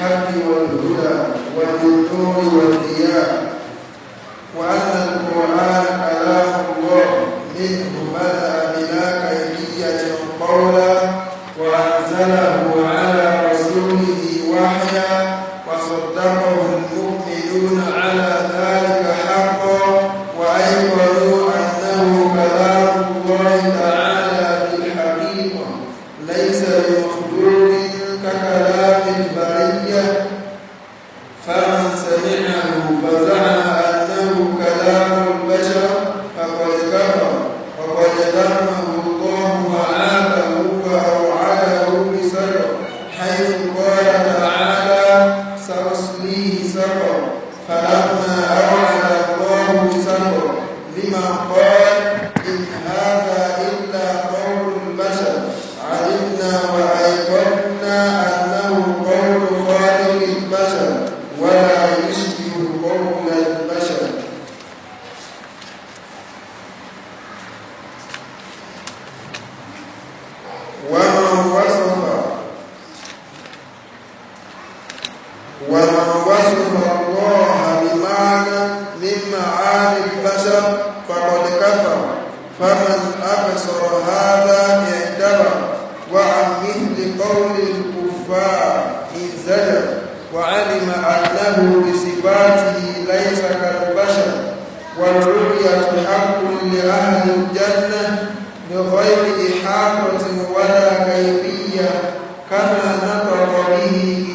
بالحق والهدى والنور والضياء وأن القرآن كلام الله منه بدأ بلا كيفية قولا وأنزله على رسوله وحيا وعلم أنه بصفاته ليس كالبشر والرؤية حق لأهل الجنة بغير إحاطة ولا كيفية كما نطق به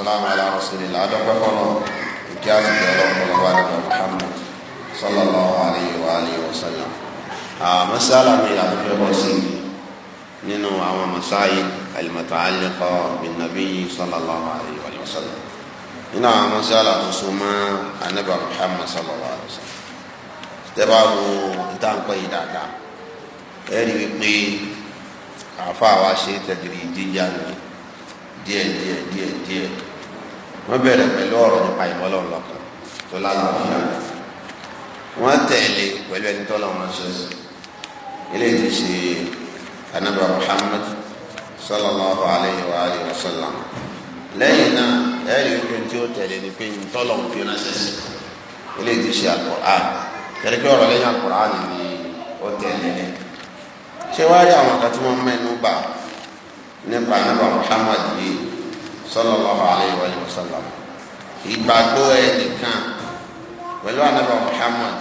والسلام على رسول الله دقا قولوا ìkíyàsí pẹ̀lú ọ̀pọ̀lọpọ̀ àdàbọ̀ Muhammad sallallahu alayhi wa alayhi wa sallam. àmọ́sálà mi là ń fẹ́ bọ́ sí nínú àwọn masáyì alimọ̀tò alẹ́kọ̀ bìnàbí sallallahu alayhi wa sallam. nínú àwọn masálà tó so mọ́ anábà Muhammad sallallahu alayhi wa sallam. tẹ́bà wo ìtànkọ́ yìí dáadáa ẹ̀rí wípé àfa àwa ṣe tẹ̀gìrì jíjà ní díẹ̀ díẹ̀ díẹ̀ díẹ̀ wọ́n bẹ̀rẹ̀ pẹ̀lú ọ̀rọ̀ nípa ìmọ̀lọ́ ọlọ́kan tó lálàáfíà wọ́n tẹ̀lé pẹ̀lú ẹni tọ́lọ́ wọn ṣe sí ilé ti ṣe anábà Muhammad sallallahu alayhi wa alayhi wa sallam lẹ́yìn náà ẹ̀rí ojú tí ó tẹ̀lé ni pé tọ́lọ̀ ń fi ránṣẹ́ sí ilé ti ṣe Al-Qur'an ọ̀rọ̀ lẹ́yìn al ni ó tẹ̀lé ni ṣé wàá àwọn kan mẹ́nu bà nípa anábà Muhammad yìí sallallahu alayhi wa sallam ìgbàgbọ́ ẹnìkan pẹ̀lú anabi muhammad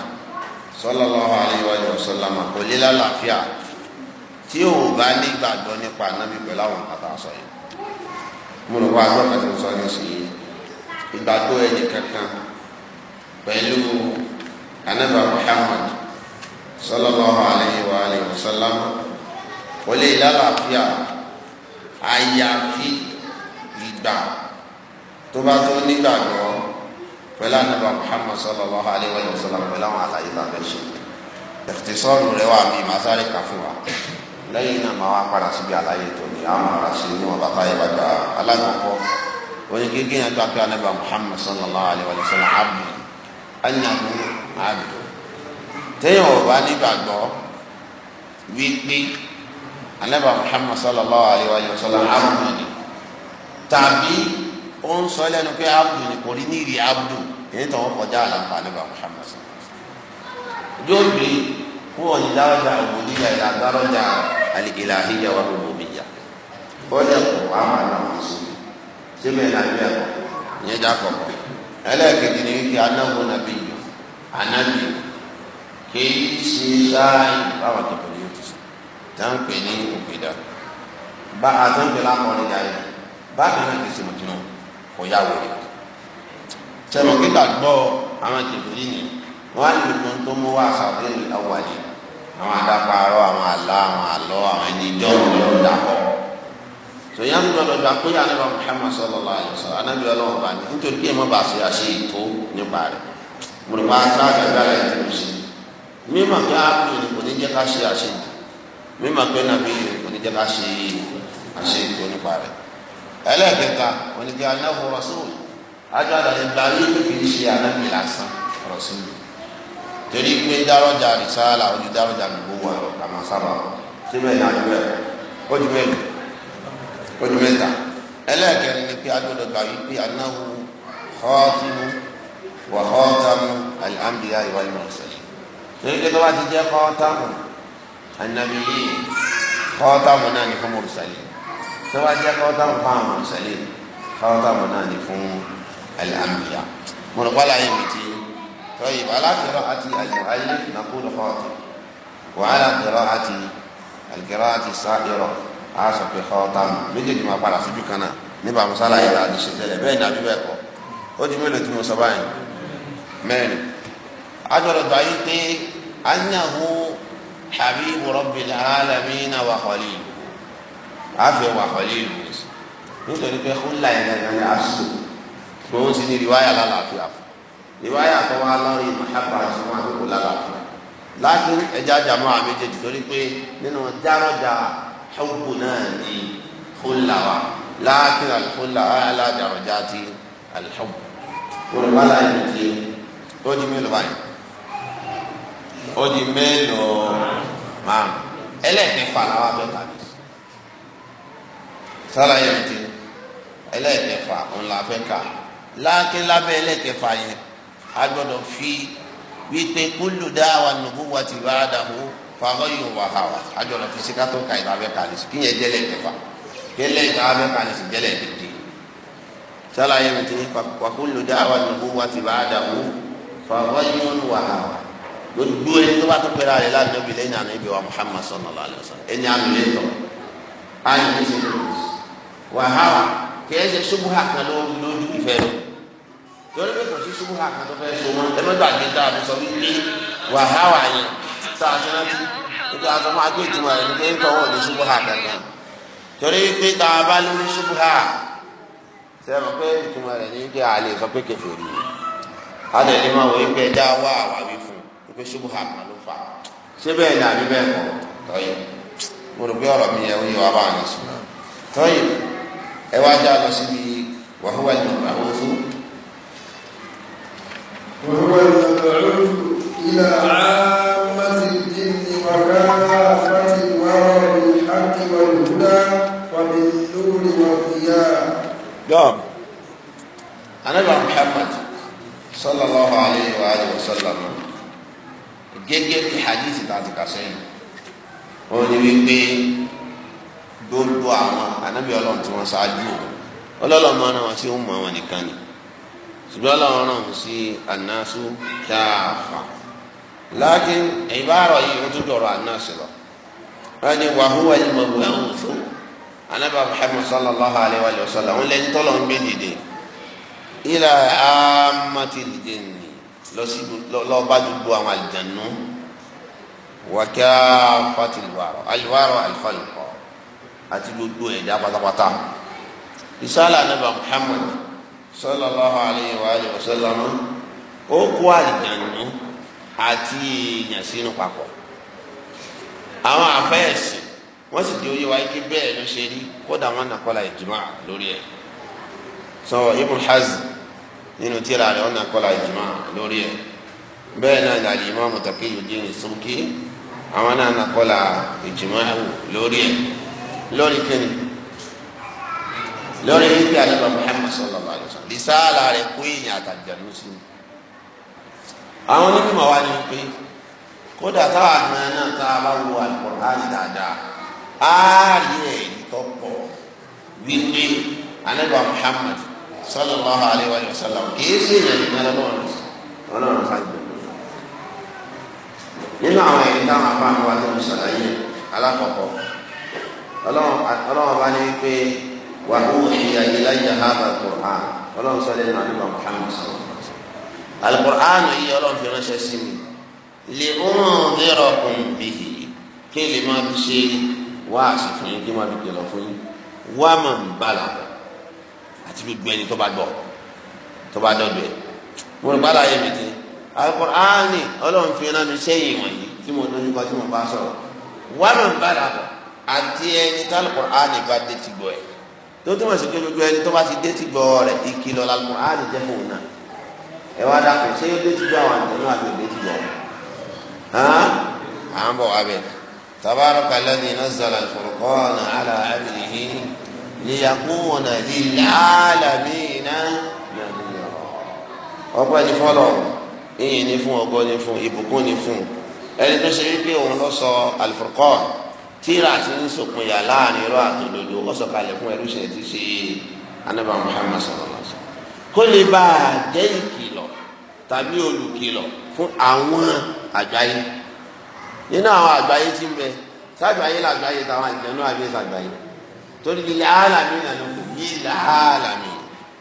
sallallahu alayhi wa sallam kò lè lálàáfíà tí o bá nígbàgbọ́ nípa anabi pẹ̀lú àwọn kàtà sọ yìí mo lọ wá gbọ́ kàtà sọ yìí sí ìgbàgbọ́ ẹnìkan kan pẹ̀lú anabi muhammad sallallahu alayhi wa sallam kò lè lálàáfíà gbà tó bá tó nígbàgbọ́ pẹ̀lú anábà Muhammad sallallahu alayhi wa sallam pẹ̀lú àwọn àlàyé bá bẹ́ẹ̀ ṣe tẹ̀tẹ̀ sọ́ọ̀nù rẹ̀ wà mí màá sáré kà fún wa lẹ́yìn náà màá wá padà síbi àlàyé tó ní àwọn ará sí ní wọn bàtà yẹn bàtà alákọ̀ọ́kọ́ oníkéèké yẹn gbà pé anábà Muhammad sallallahu alayhi wa sallam abdu anyahu abdu téèyàn ò nígbàgbọ́ wípé anábà Muhammad sallallahu alayhi wa sallam abdu ni tàbí ó ń sọ lẹ́nu pé abudu ni kò rí ní ìrì abudu èyí tó wọ́n kọjá àlàpà nípa Muhammad yóò gbé wọ́n ní dáwọ́jà òbòdìyà ìlà dáwọ́jà àlìkìláhìyà wà lóbòmíyà bọ́lá ẹ̀kọ́ wà má nà wọ́n sí síbẹ̀ nàbí ẹ̀kọ́ ìyẹn já kọ̀kọ́ ẹlẹ́ẹ̀kejì ni wípé anáwó nàbí yìí anábì kìí ṣe sáàyè báwọn kẹfẹ́ ni yóò ti sọ táǹpẹ̀ ní òkèdà bá àtúntò lápọ̀ nígbà yìí bákan náà kìí ṣe mọ̀jìnà kò yá wòlé sẹ́nu kíkà gbọ́ àwọn kìfìrí ni wọ́n á lè tó ń tó mú wá àṣàbí àwàlẹ̀ àwọn adápaarọ́ àwọn àlọ́ àwọn àlọ́ àwọn ẹni ìjọ ìlú dàpọ̀ tòyàn ń lọ́dọ̀ gba pé àná Muhammad sallallahu alaihi wasallam anábì ọlọ́wọ́ bá ní nítorí pé ẹ má bàa ṣe àṣe ètò nípa rẹ̀ mo rò wá sá àgbàgbà rẹ̀ tó ṣe mímọ̀ pé ápù ni kò ní jẹ́ ká ṣe àṣe ètò mímọ̀ pé nàbí kò ní jẹ́ ká ṣe àṣe ètò nípa rẹ̀ ẹlẹ́ẹ̀kẹta oníkẹ́ anáwó rọ́sùlù ájọ́ àdàlẹ́ gbàgbé kì í ṣe anábì lásán rọ́sùlù torí pé dárọ́jà rìsáàlà ojú dárọ́jà gbogbo wà lọ kàmá sábà wọ síbẹ̀ ní adúlọ̀ ẹ̀ ojú mẹ́rin ojú mẹ́ta ẹlẹ́ẹ̀kẹrin ni pé ájọ́ àdàlẹ́ gbàgbé pé anáwó khatimu wa khatamu al-anbiya wal mursalin tó bá ti jẹ́ khatamu an-nabiyyin khatamu náà ni fún mursalin tó bá jẹ́ kọ́tàmù fún àwọn ọ̀sẹ̀lẹ̀ kọ́tàmù náà ni fún al-anbiya mo rò pálá yẹn mi ti tọ́yì alákìrọ̀ àti àyè nàkúrò kọ́ọ̀tù wàhálà kìrọ̀ àti àlìkìrọ̀ àti sáyẹrọ̀ a sọ pé kọ́tàmù méjèèjì máa padà síjú kan náà nípa musala yìí la àdìsí tẹ́lẹ̀ bẹ́ẹ̀ ni àbí bẹ́ẹ̀ kọ́ ó di mélòó tí mo sọ báyìí mẹ́rin àjọ̀dọ̀ tó ayé pé anyahu habibu rabbil alamina wa khalil àfi ẹwà kọ́lé ìlú nítorí pé kúlà yẹn gẹ́gẹ́ ní aṣọ tó ń ti ní riwáyà lálàáfíà fún riwáyà tó wá lọ́rọ̀ ìmọ̀ṣábà tí wọ́n á tó kó lálàáfíà láti ẹja jàmọ́ àméjèèjì torí pé nínú dárọ́jà ṣọ́gbù náà ní kúlà wa láti àlùkúlà aládàrọ̀jà ti àlùṣọ́gbù. olùbá láyé mi ti ó di mélòó báyìí ó di mélòó márùn ẹlẹ́ẹ̀kẹfà làwọn abẹ́ta ni sálàyé mi ti ẹlẹ́ẹ̀kẹfà òun la fẹ́ kà láàkín lábẹ́ ẹlẹ́ẹ̀kẹfà yẹn a gbọ́dọ̀ fi wípé kúlù dáwà nùkú wa ti bá dàbò fàgọ́ yóò wà hà wà a gbọ́dọ̀ fi síkà tó ka ìta abẹ́ kàlẹ́ sí kínyẹn jẹ́lẹ̀ kẹfà kẹlẹ́ ìta abẹ́ kàlẹ́ sí jẹ́lẹ̀ kẹfì sálàyé mi ti wà kúlù dáwà nùkú wa ti bá dàbò fàgọ́ yóò wà hà wà gbogbo ẹni tó bá tó pẹ́ra rẹ̀ lánàá bi lẹ́yìn àná ibi wa Muhammad sallallahu alayhi wa sallam ẹni àmì lẹ́tọ̀ á wàhálà kìí ṣe ṣubuha kan lórí lójú ìfẹ́ rẹ̀ torí pé kò sí ṣubuha kan tó fẹ́ so mọ́ ẹ mẹ́gbà gbé tá a fi sọ wípé wàhálà yẹn tá a ṣe rántí nígbà tó máa gbé ìtumọ̀ rẹ̀ nígbà tó wọ̀ ní ṣubuha kankan torí pé tá bá lórí ṣubuha sẹ́wọ̀n pé ìtumọ̀ rẹ̀ ní kí a sọ pé kẹfẹ́ rí i adé ni ma wọ ẹgbẹ́ dá wá àwáwí fún ẹgbẹ́ ṣubuha kan ló fà ṣé bẹ́ẹ̀ ni àbí bẹ́ẹ̀ kọ́ tọ́yìn mo rò pé ọ̀rọ̀ mi yẹ ó yẹ wá bá a ní tọ́yìn ẹ wá já lọ síbi wàhúwà ní àwọn oṣù. wàhúwà ní àwọn oṣù ilà àmàtì jìnnì wàhálà fàtì wàhálà ìhàkì wàlúùdá wàbí lórí wàhúyà. yọọ anabi muhammad sallallahu alayhi wa alayhi wa sallam gẹ́gẹ́ bí hadith tàbí kasẹ́yìn wọ́n ní wípé gbogbo àwọn anábì ọlọ́run tí wọ́n ṣáájú o ọlọ́run máa rán wọn sí òun mọ àwọn nìkan ni ṣùgbọ́n ọlọ́run rán wọn sí ànásù dáàfà láti ìbáàrọ̀ yìí wọ́n tún dọ̀rọ̀ ànásù lọ. wọ́n ní wàhúwà yìí mọ̀ bóyá wọn fún anábì Muhammad sallallahu alayhi wa sallam wọn lẹ́ni tọ́lọ̀ ń gbé dìde ilà àmàtì dìde nì lọ́ba gbogbo àwọn àjànú wàkẹ́ fatiluwarọ̀ aliwarọ̀ alifalukọ. àti gbogbo ẹ̀dá pátápátá ìsálà anábà Muhammad sallallahu alayhi wa alihi wa sallam ó kó a àti èèyàn sínú papọ̀ àwọn àfẹ́ẹ̀sì wọ́n sì di oyé wa ike bẹ́ẹ̀ ló ṣe rí kódà wọn nàkọ́lá ìjùmọ̀ lórí ẹ̀ sọ Ibn Hazm nínú tíra rẹ̀ wọn nàkọ́lá ìjùmọ̀ lórí ẹ̀ bẹ́ẹ̀ náà làlì Imam àwọn náà ìjùmọ̀ lórí ẹ̀. lórí kiri lórí ibi àdàbà Muhammad sallallahu alayhi wa sallam bisaala rẹ kó ìyìn àtàjànú sí i àwọn onímọ̀ wa ni pé kódà táwa àgbọn náà tá a bá wo Al-Qur'ani dáadáa á rí ẹ̀rí tó pọ̀ wípé anábà Muhammad sallallahu alayhi wa sallam kìí sí ìyẹn nìkan lọ́wọ́ ọlọ́run sáájú nínú àwọn ẹ̀rí táwọn afáàmì wa tó ń ṣàlàyé alákọ̀ọ́kọ́ ọlọ́run bá ní pé wà á wù ní ayélujá jahaba qur'an ọlọ́run sọ lẹ́nu àdúgbò muhammed sọ alukur'an yìí ọlọ́run fi ránṣẹ́ sí mi lè ń rírọ̀ kùn bìhì kí lè má fi ṣe wáàsí fún yín kí má fi kìlọ̀ fún yín wá mà ń bala àti gbogbo ẹni tó bá gbọ́ tó bá dọ̀dọ̀ ẹ̀ mo rò bala yẹ mi ti alukur'an ọlọ́run fi ránṣẹ́ yìí wọ̀nyí tí mo dojú kọ tí mo bá sọ̀rọ̀ wá mà ń bala bọ̀ àti ẹni tí alukur'an bá dé ti gbọ́ ẹ̀ tó túmọ̀ sí pé gbogbo ẹni tó bá ti dé ti gbọ́ rẹ̀ ìkìlọ̀ alukur'an jẹ́ fún un náà ẹ wá dàpọ̀ ṣé yóò dé ti gbọ́ àwọn àjẹnú àti òde ti gbọ́ à ń bọ̀ wá bẹ̀ tabaraka alladhi nazzala al-furqana ala abdihi liyakuna lil'alamina ọpẹ́ ni fọlọ́ ìyìn ni fún ògo ni fún ìbùkún ni fún ẹni tó ṣe wípé òun ló sọ al tíra ti ń sòpin yà láàrin irọ́ àtòdodo ó sọ̀kalẹ̀ fún ẹrú ṣe ti ṣe anábà muhammad sallallahu alaihi wasallam kó lè bá a jẹ́ ìkìlọ̀ tàbí olùkìlọ̀ fún àwọn àgbáyé nínú àwọn àgbáyé tí ń bẹ ságbáyé làgbáyé táwọn àjẹnú àbí sàgbáyé torí ilé alàmì ìlànà kò ní ilé alàmì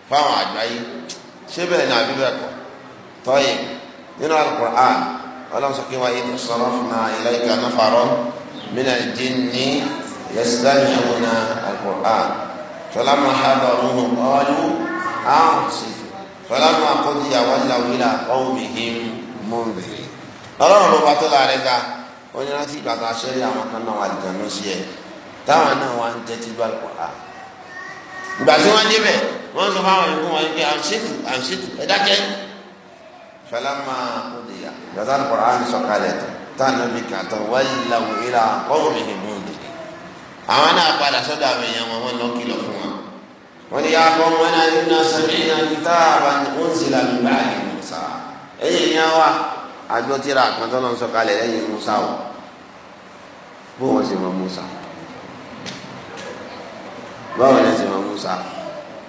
fáwọn àgbáyé ṣé bẹ́ẹ̀ ni àbí tọ́yìn nínú Al-Qur'an ọlọ́run sọ pé wáyé tó sọ lọ́fún من الجن يستمعون القرآن فلما حضروه قالوا أنصت فلما قضي ولوا إلى قومهم منذرين ọlọ́run ló bá tó la rẹ̀ ga ó ní láti ìgbà kan aṣẹ́rí àwọn kan náà wà lìjànú sí ẹ táwọn náà wà ń tẹ́tí gbà lọ́pọ̀ á. ìgbà tí wọ́n débẹ̀ wọ́n sọ fáwọn ẹ̀kọ́ wọn pé àǹṣètù àǹṣètù ẹ dákẹ́. fẹlẹ́ máa kó de yà. ìgbà tí wọ́n lọ́pọ̀ á ń sọ̀kalẹ̀ tán tánàbí kàtà wàlláwò ìlà ọ̀rọ̀ ìhìnmú ni. àwọn náà padà sọ́dọ̀ àwọn èèyàn wọn wọn lọ kìlọ̀ fún wa. wọ́n ní yàgò wọn náà nínú sọ́dọ̀ ìyá níta àbá òǹsìlà mi bá àyè Musa. ẹ̀yìn ìyá wa àjọ tíra àkàntọ́ lọ́n sọ̀kalẹ̀ lẹ́yìn Musa o. bó wọn ṣe mọ Musa. báwo ni ṣe mọ Musa.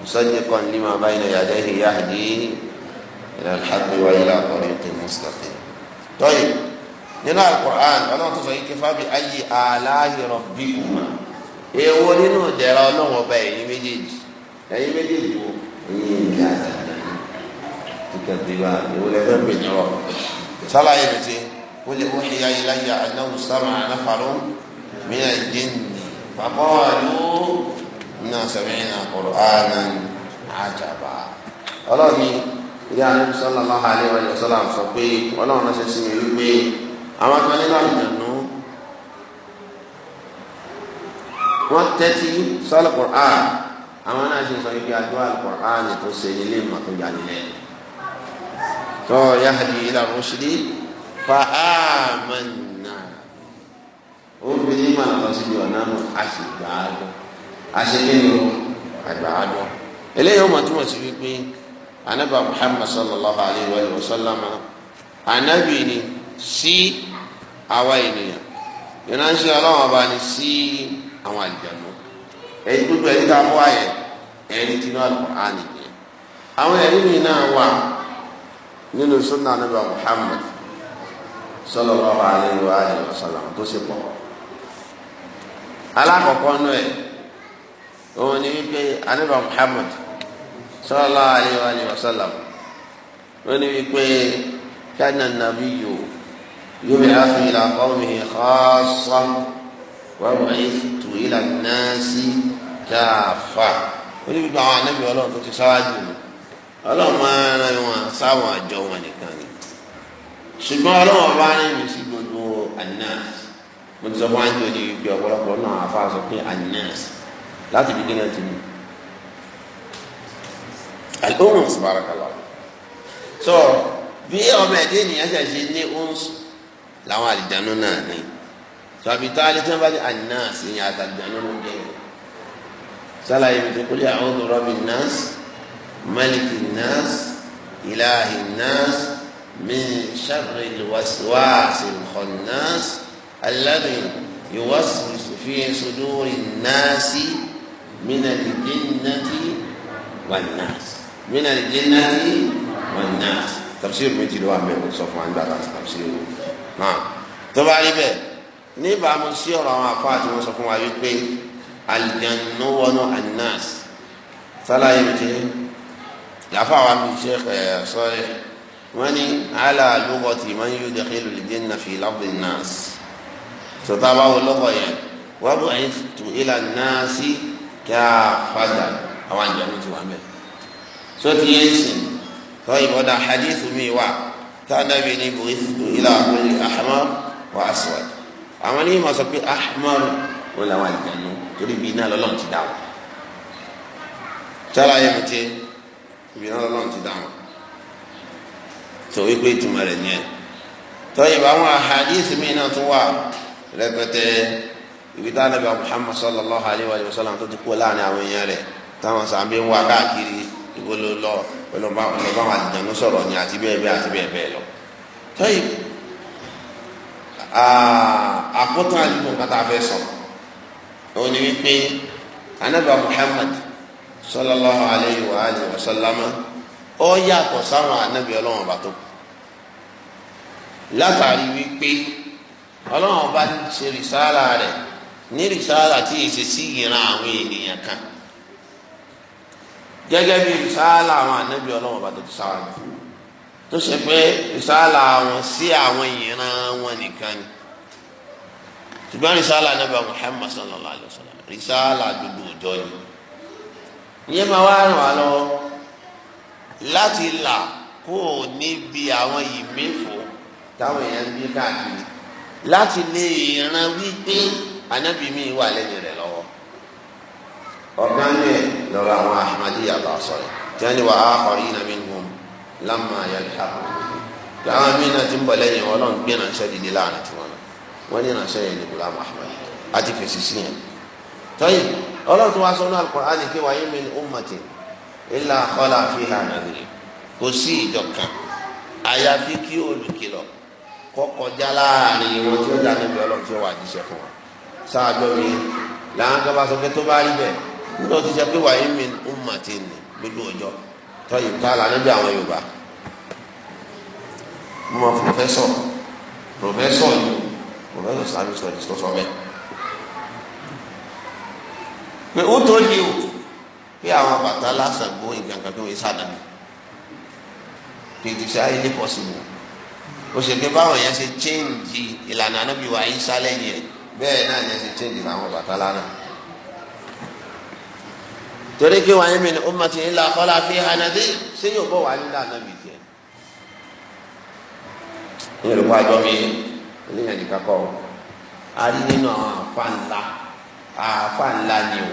مصدقا لما بين يديه يهدي إلى الحق وإلى طريق مستقيم طيب nínú alukur'an ọlọ́run tó sọ yìí kífá bi ayé aláhìrọ̀ bí kùmà èèwọ̀ nínú ìdẹ̀ra ọlọ́run ọba ẹ̀yin méjèèjì ẹ̀yin méjèèjì wo ẹ̀yin ìgbà àtàlẹ́ ìkàtìwá ìwọlẹ̀ fẹ́ mi nírọ̀ sálàyé mi ti wọlé wọlé ayé láyé anáwó sábà anáfàlọ́ mìíràn ìdí nìyí fàkọ́wàlú iná sẹ́mìnà kùr'ánà àjàbá ọlọ́run ní ìyá anáwó sálàmù aláhàlẹ́ wàlẹ̀ sálàmù àwọn àtàwọn nílò àjànú wọ́n tẹ́tí sọ́lọ̀ Qur'an àwọn náà ṣe sọ ibi àdúrà Qur'an tó ṣe nílé ìmọ̀ tó jáde lẹ́yìn tó yahdi ila rushdi fa amanna ó fi ní ìmọ̀ lọ síbi ọ̀nà nù àṣìgbàádọ́ àṣekínú àgbàádọ́ eléyìí ó mọ̀ túmọ̀ sí wípé anaba Muhammad sallallahu alayhi wa sallam anabi ni sí. Si, àwa ènìyàn ìránṣẹ́ ọlọ́run ọba ni sí àwọn àlìjànú ẹ̀yin gbogbo ẹ̀yin tá a wá yẹ ẹ̀yin tí náà lọ́kọ̀ á nìyẹn àwọn ẹ̀yin mi náà wà nínú sunna nígbà Muhammad sallallahu wa alihi wasallam tó ṣe pọ̀ alákọ̀ọ́kọ́ nù ẹ̀ òun ni wípé anígbà Muhammad sallallahu alaihi wa wípé يبعث إلى قومه خاصة وبعثت إلى الناس كافة oníbi bá àwọn anábì ọlọ́run tó ti ṣáájú mi ọlọ́run máa ń rán wọn sáwọn àjọ wọn nìkan ni ṣùgbọ́n ọlọ́run ọba rìn mí sí gbogbo anas mo ti sọ fún àjọ ní ibi ọ̀pọ̀lọpọ̀ náà àfa sọ pé anas láti ibi gíga ti ní. alóhùn sùbárakàlà sọ bí ọmọ ẹ̀dẹ́ ènìyàn ṣẹ̀ṣẹ̀ ní ounce làwọn àlìjánu náà ní tàbí táàlì tí wọn bá ní ànínáàsì ní àtàlìjánu ló ń jẹ sálàyé mi tó kúlẹ̀ àwọn ọdún rọ́bì náàsì málìkì náàsì ìlàhì náàsì min sharri wàsíwàsì khannas alladhi yuwaswisu fi suduri náàsì minal jinnati wan náàsì minal jinnati wan náàsì tafsir méjì ló wà mẹ́rin sọ fún wa nígbà tá a tafsir o náà tó bá rí bẹ́ẹ̀ níbàámu sí ọ̀rọ̀ àwọn afọ àti wọn sọ fún wa wípé alìjánu wọnú anas sálàyé mi ti yàfa wa mi ṣe ẹ sọrí wọn ni ala lugati man yudkhilu aljanna fi lafdi nas tó tá a bá wọ lọkọ yẹn wọn bọ ẹyìn tu ila nasi kí fàjà àwọn àjẹmí ti wà mẹ sọ ti yẹn sìn tọ́ ìbọ̀dà hadith mi wà tánàbí ní ilà àkọlé ahmar wa aswad àwọn ní ma sọ pé ahmar ó làwọn àlìjánu torí bí iná lọ́lọ́run ti dà wọ́n sára yẹn mi ti bí iná lọ́lọ́run ti dà wọ́n tó wípé ìtumọ̀ rẹ̀ ni ẹ̀ tọ́yìn bá wọn àhàdíìsì mi náà tún wà rẹpẹtẹ ibi tá a Muhammad sallallahu alayhi wa sallam tó ti kú láàrin àwọn èèyàn rẹ̀ táwọn sàmbí ń wá káàkiri ìbolo lọ ọlọ́ba ọlọ́ba àwọn àdìjànú sọ̀rọ̀ ni àti bẹ́ẹ̀ bẹ́ẹ̀ àti bẹ́ẹ̀ bẹ́ẹ̀ lọ. tọ́yì àkótán àdìgbò kan tá a fẹ́ sọ òun ni wípé anábà Muhammad sallallahu alayhi wa alihi wa sallama ó yàtọ̀ sáwọn anábì ọlọ́wọ́n bá tó látàrí wípé ọlọ́wọ́n bá ń ṣe rìsáàlà rẹ̀ ní rìsáàlà tí èsì sí ìran àwọn ènìyàn kan gẹ́gẹ́ bí ìsáàlà àwọn ànábì ọlọ́wọ́n bá tó ti sáwájú tó ṣe pé ìsáàlà àwọn sí àwọn ìran wọn nìkan ni ṣùgbọ́n ìsáàlà ànábì Muhammad sallallahu alayhi wa sallam ìsáàlà gbogbo òjọ ni ìyẹn máa wá ràn wá lọ́wọ́ láti là kó o níbi àwọn ìmẹ́fọ́ táwọn èèyàn ń gbé káàkiri láti lè ràn wípé ànábì mi wà lẹ́yìn rẹ̀ lọ́wọ́ ọ̀kan ní ẹ̀ lọ́rọ̀ àwọn ahmadiyya bá sọ̀rọ̀ tí wọ́n ní wà á kọ̀rí iná mi hùn lámà yàrá àwọn míín náà ti ń bọ̀ lẹ́yìn wọn lọ́n gbé ránṣẹ́ dìde láàrin tiwọn náà wọ́n ní ránṣẹ́ yẹn ní gulam ahmad àti fèsì sí yẹn. tọ́yìn ọlọ́run tó wá sọ náà kọ́ àní kí wàá min ummatin illa khala fiha nadhir kò sí ìjọ àyàfi kí olùkìlọ̀ kọ́ láàrin wọn tí ó dá níbi ọlọ́run tí ó wà jíṣẹ́ fún wọn. sáà gbọ́ mi làwọn kan bá sọ pé tó bá rí bẹ́ẹ̀ nígbà tó ti sẹ pé wàyí mi ń mà ti nì gbogbo ọjọ́ tọyì káàlà níbi àwọn Yorùbá mo mọ pòfẹsọ pòfẹsọ yìí pòfẹsọ sáré sọ ẹni tó sọ bẹ́ẹ̀ pé ó tó di o pé àwọn bàtà lásán gbó ìgbàgbọ́ tó ń sàdánù pètè sáyé ní pọ̀sibú o ṣe pé báwọn yẹn ṣe chéǹjì ìlànà ànábìwá yìí sálẹ̀ yẹn bẹ́ẹ̀ náà yẹn ṣe chéǹjì làwọn bàtà lánàá torí kí wàá yẹmí ni ó máa ti ń la kọ́lá fi hanadi sẹ́yìn òbọ̀ wàá nílá anábì jẹ́ ní ìlú wájú mi oníyàn ní kakọ́ a rí nínú àwọn àfa ńlá àfa ńlá ni o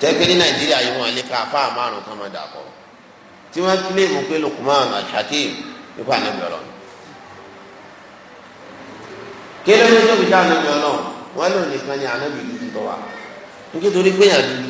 tẹ́gbẹ́ ní nàìjíríà yìí wọ́n lé ká àfa márùn kan máa dàpọ̀ tí wọ́n kílè mú pé Lukman al-Hakim nípa anábì ọlọ́run kí ló ń tóbi dá anábì ọlọ́run wọ́n lò nìkan ní anábì dúdú tó wà nítorí pé yàrá dúdú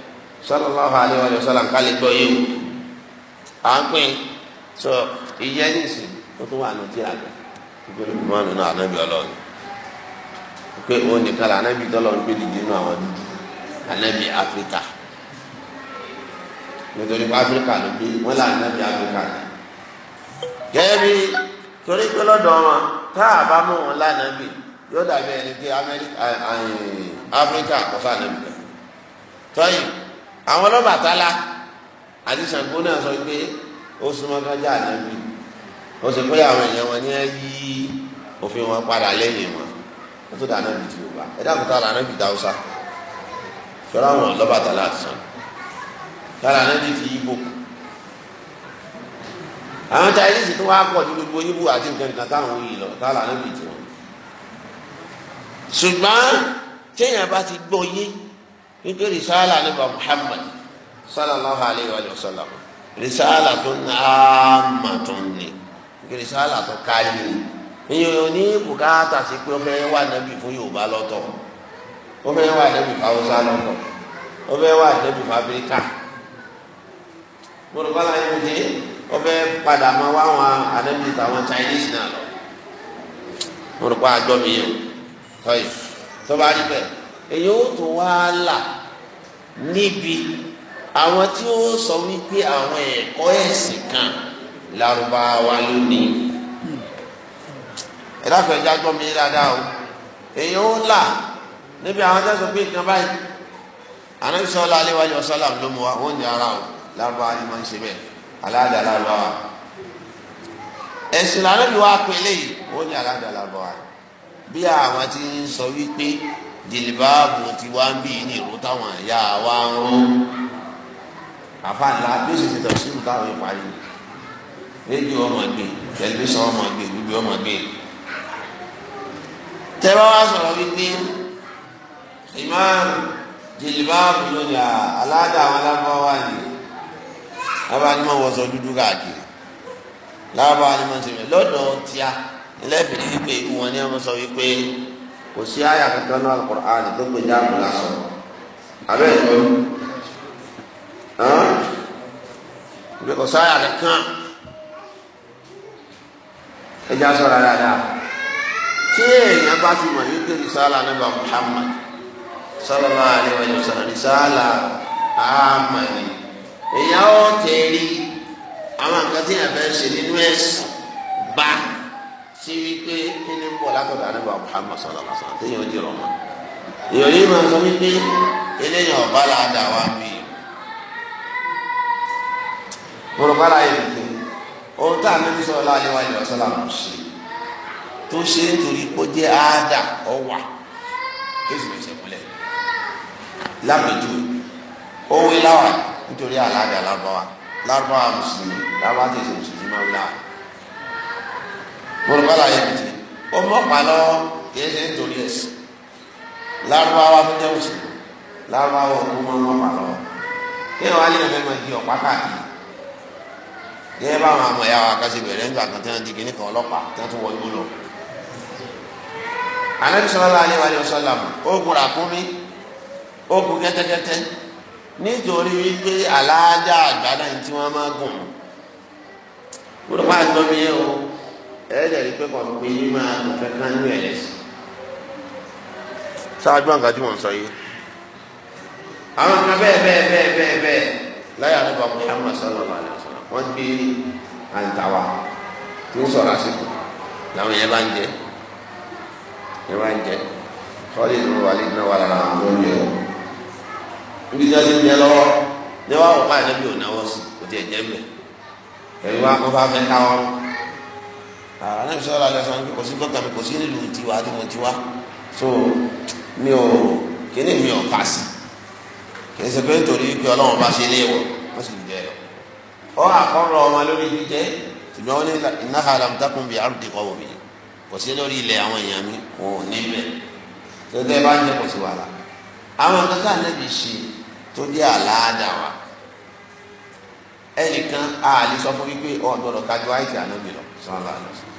sallallahu alayhi wa sallam kálí gbọ́ yìí o à ń pín sọ ìyẹn ní ìsìn tó tún wà ní ti àgbà ìgbélé kùmọ́ àná náà ànábì ọlọ́run pé òun nìkan là ànábì tọ́lọ́ ń gbé dìde nínú àwọn dúdú ànábì áfíríkà nítorí pé áfíríkà ló gbé wọn là ànábì áfíríkà ni gẹ́gẹ́ bí torí pé lọ́dọ̀ wọn tá a bá mú wọn lánàbì yóò dàbí ẹni pé áfíríkà kọ́ fún ànábì kan tọ́yìn àwọn ọlọ́bàtálá àti Ṣàngó náà sọ pé ó súnmọ́ kájà ànábì ó sì pé àwọn èèyàn wọn ní ẹ yí òfin wọn padà lẹ́yìn wọn ó tó dáná bìí ti Yorùbá ẹ dákun tó dáná bìí dáwúsá sọ́ra àwọn ọlọ́bàtálá àti Ṣàngó dáná ànábì ti yí bò àwọn Chinese tó wá pọ̀ ní gbogbo yíbù àti nǹkan nǹkan táwọn yìí lọ dáná ànábì ti wọn ṣùgbọ́n téèyàn bá ti gbọ́ yé wípé rìsáàlà nípa Muhammad sallallahu alayhi wa sallam rìsáàlà tó ní àmà tó ní rìsáàlà tó kárí ni èèyàn ní bùkátà sí pé ó fẹ́ wà nábì fún Yorùbá lọ́tọ̀ ó fẹ́ wà nábì fún Haúsá lọ́tọ̀ ó fẹ́ wà nábì fún Áfíríkà mo rò bá dé ó padà máa wá àwọn ànábì tàwọn Chinese náà lọ mo àjọ mi yẹn o tọ́yì tó bá èyí ó tún wá là níbi àwọn tí ó sọ wípé àwọn ẹ̀kọ́ ẹ̀sìn kan lárúbáwá ló ní ìdáfẹ́ ẹja gbọ́ mi dáadáa o èyí ó là níbi àwọn tẹ́sán pé nǹkan báyìí ànábì sọ́lá aléwájú ọ̀sọ́lá ló mu wa wọ́n ara o lárúbáwá ni wọ́n ń ṣe bẹ́ẹ̀ aláàdá lárúbáwá ẹ̀sìn làwọn ẹ̀mí wa pè léyìí wọ́n ní aláàdá lárúbáwá bí àwọn ti ń sọ wípé jìlìbáàbù ti wá ń bí ní ìró táwọn àyà wa ń ró àfàlà bí ó sì ti tọ̀ sí ìlú táwọn ìparí rédíò ọmọ gbé tẹlifíṣàn ọmọ gbé gbígbé ọmọ gbé tẹ́lá wá sọ̀rọ̀ wípé ìmáàmù jìlìbáàbù ló ní aláàdá àwọn alábọ́wá ni lábá ni wọ́n wọṣọ dúdú káàkiri lábá ni wọ́n ti rìn lọ́dọ̀ tíá ẹlẹ́fẹ̀ẹ́ wípé ìwọ̀n ni wọ́n sọ wípé kò sí àyà kankan náà alukur'an tó gbé jáàmù lásán abẹ́ ẹ̀kọ́ ni kò sí àyà kankan ẹja sọ̀rọ̀ dáadáa tí èèyàn bá ti mọ̀ wípé risala nígbà Muhammad sallallahu alaihi wa risala amani èèyàn ó tẹ̀lé àwọn nǹkan tí èèyàn fẹ́ ṣe nínú ẹ̀sìn bá. si wípé kí ni ń bọ̀ látọ̀dọ̀ ha Muhammad di èèyàn yìí máa sọ wípé eléyàn ọba la dà wá bí mọ̀lọ́pàá yìí nìkan ohun tá a níbi sọ̀rọ̀ láàyè wáyé ọ̀sán làwọn ṣe tó ṣe nítorí kó jẹ́ áádà ṣe láwà nítorí lárúbáwá lárúbáwá mùsùlùmí lárúbáwá mọlùkọ́lá yẹ kùtì ó mọ̀pá lọ́wọ́ kìí ṣe nítorí ẹ̀sìn lárúbáwá tó jẹ́ òsì lárúbáwá òkú mọ́ mọ̀pá lọ́wọ́ kí wọ́n á lè fẹ́ mọ iye ọ̀pá káàkiri gẹ́gẹ́ báwọn àmọ̀ ya wa kásì bẹ̀rẹ̀ nígbà kan tí wọ́n di kíní kan ọlọ́pàá tí wọ́n tún wọ igbó lọ. anabi sallallahu alaihi wa sallam ogun ràkúnmí ogun kẹ́tẹ́kẹ́tẹ́ nítorí wípé aláàjà àgbàdo àyìn tí wọ́n máa gùn. wọ́n máa gbọ́ mi yẹn o ẹ̀ẹ́dẹ̀ rí pé kàn fi yí máa nǹkan kan ní ẹ̀yẹ sí. ṣáájú àǹkà tí mò ń sọ yìí. àwọn kan bẹ́ẹ̀ bẹ́ẹ̀ bẹ́ẹ̀ bẹ́ẹ̀ bẹ́ẹ̀ láyé àdúgbò Muhammad sallallahu alayhi wa sallam wọ́n gbé àǹtàwà tí ń sọ̀rọ̀ àsìkò làwọn yẹn bá ń jẹ yẹn bá ń jẹ kọ́lé ìlú wàlí náà wà lára àwọn olóyè ẹ̀ níbi tí wọ́n ti ń jẹ lọ́wọ́ ní wàá wọ̀ báyìí níbi ò náwó sí kò tiẹ̀ jẹ́ mẹ́ ẹ̀rú wa kó bá fẹ́ káwọn àná ìṣọ́ la lọ́sàn án kò sí gbọ́dọ̀ mi kò sí nílùú tiwa tí mo ti wá so mi ò kíní mi ò pàṣẹ kì í ṣe pé nítorí pé ọlọ́run bá ṣe léèwọ̀ wọ́n sì jẹ́ lọ. ọ àkọ́rọ̀ ọmọ lórí jíjẹ ṣùgbọ́n wọn ní ináhà làmùtákùn bíi àrùn dìkọ̀ wọ̀ mí kò sí lórí ilẹ̀ àwọn èèyàn mi kò ní bẹ̀ tó tẹ́ bá ń jẹ́ kò sí wàhálà. àwọn kan tá ànábì ṣe tó jẹ́ àlàáda wa ẹnìkan àlè sọ fún wípé ọ̀ gbọ́dọ̀ kájú àìsí ànábì lọ sọ́nà lọ́sọ̀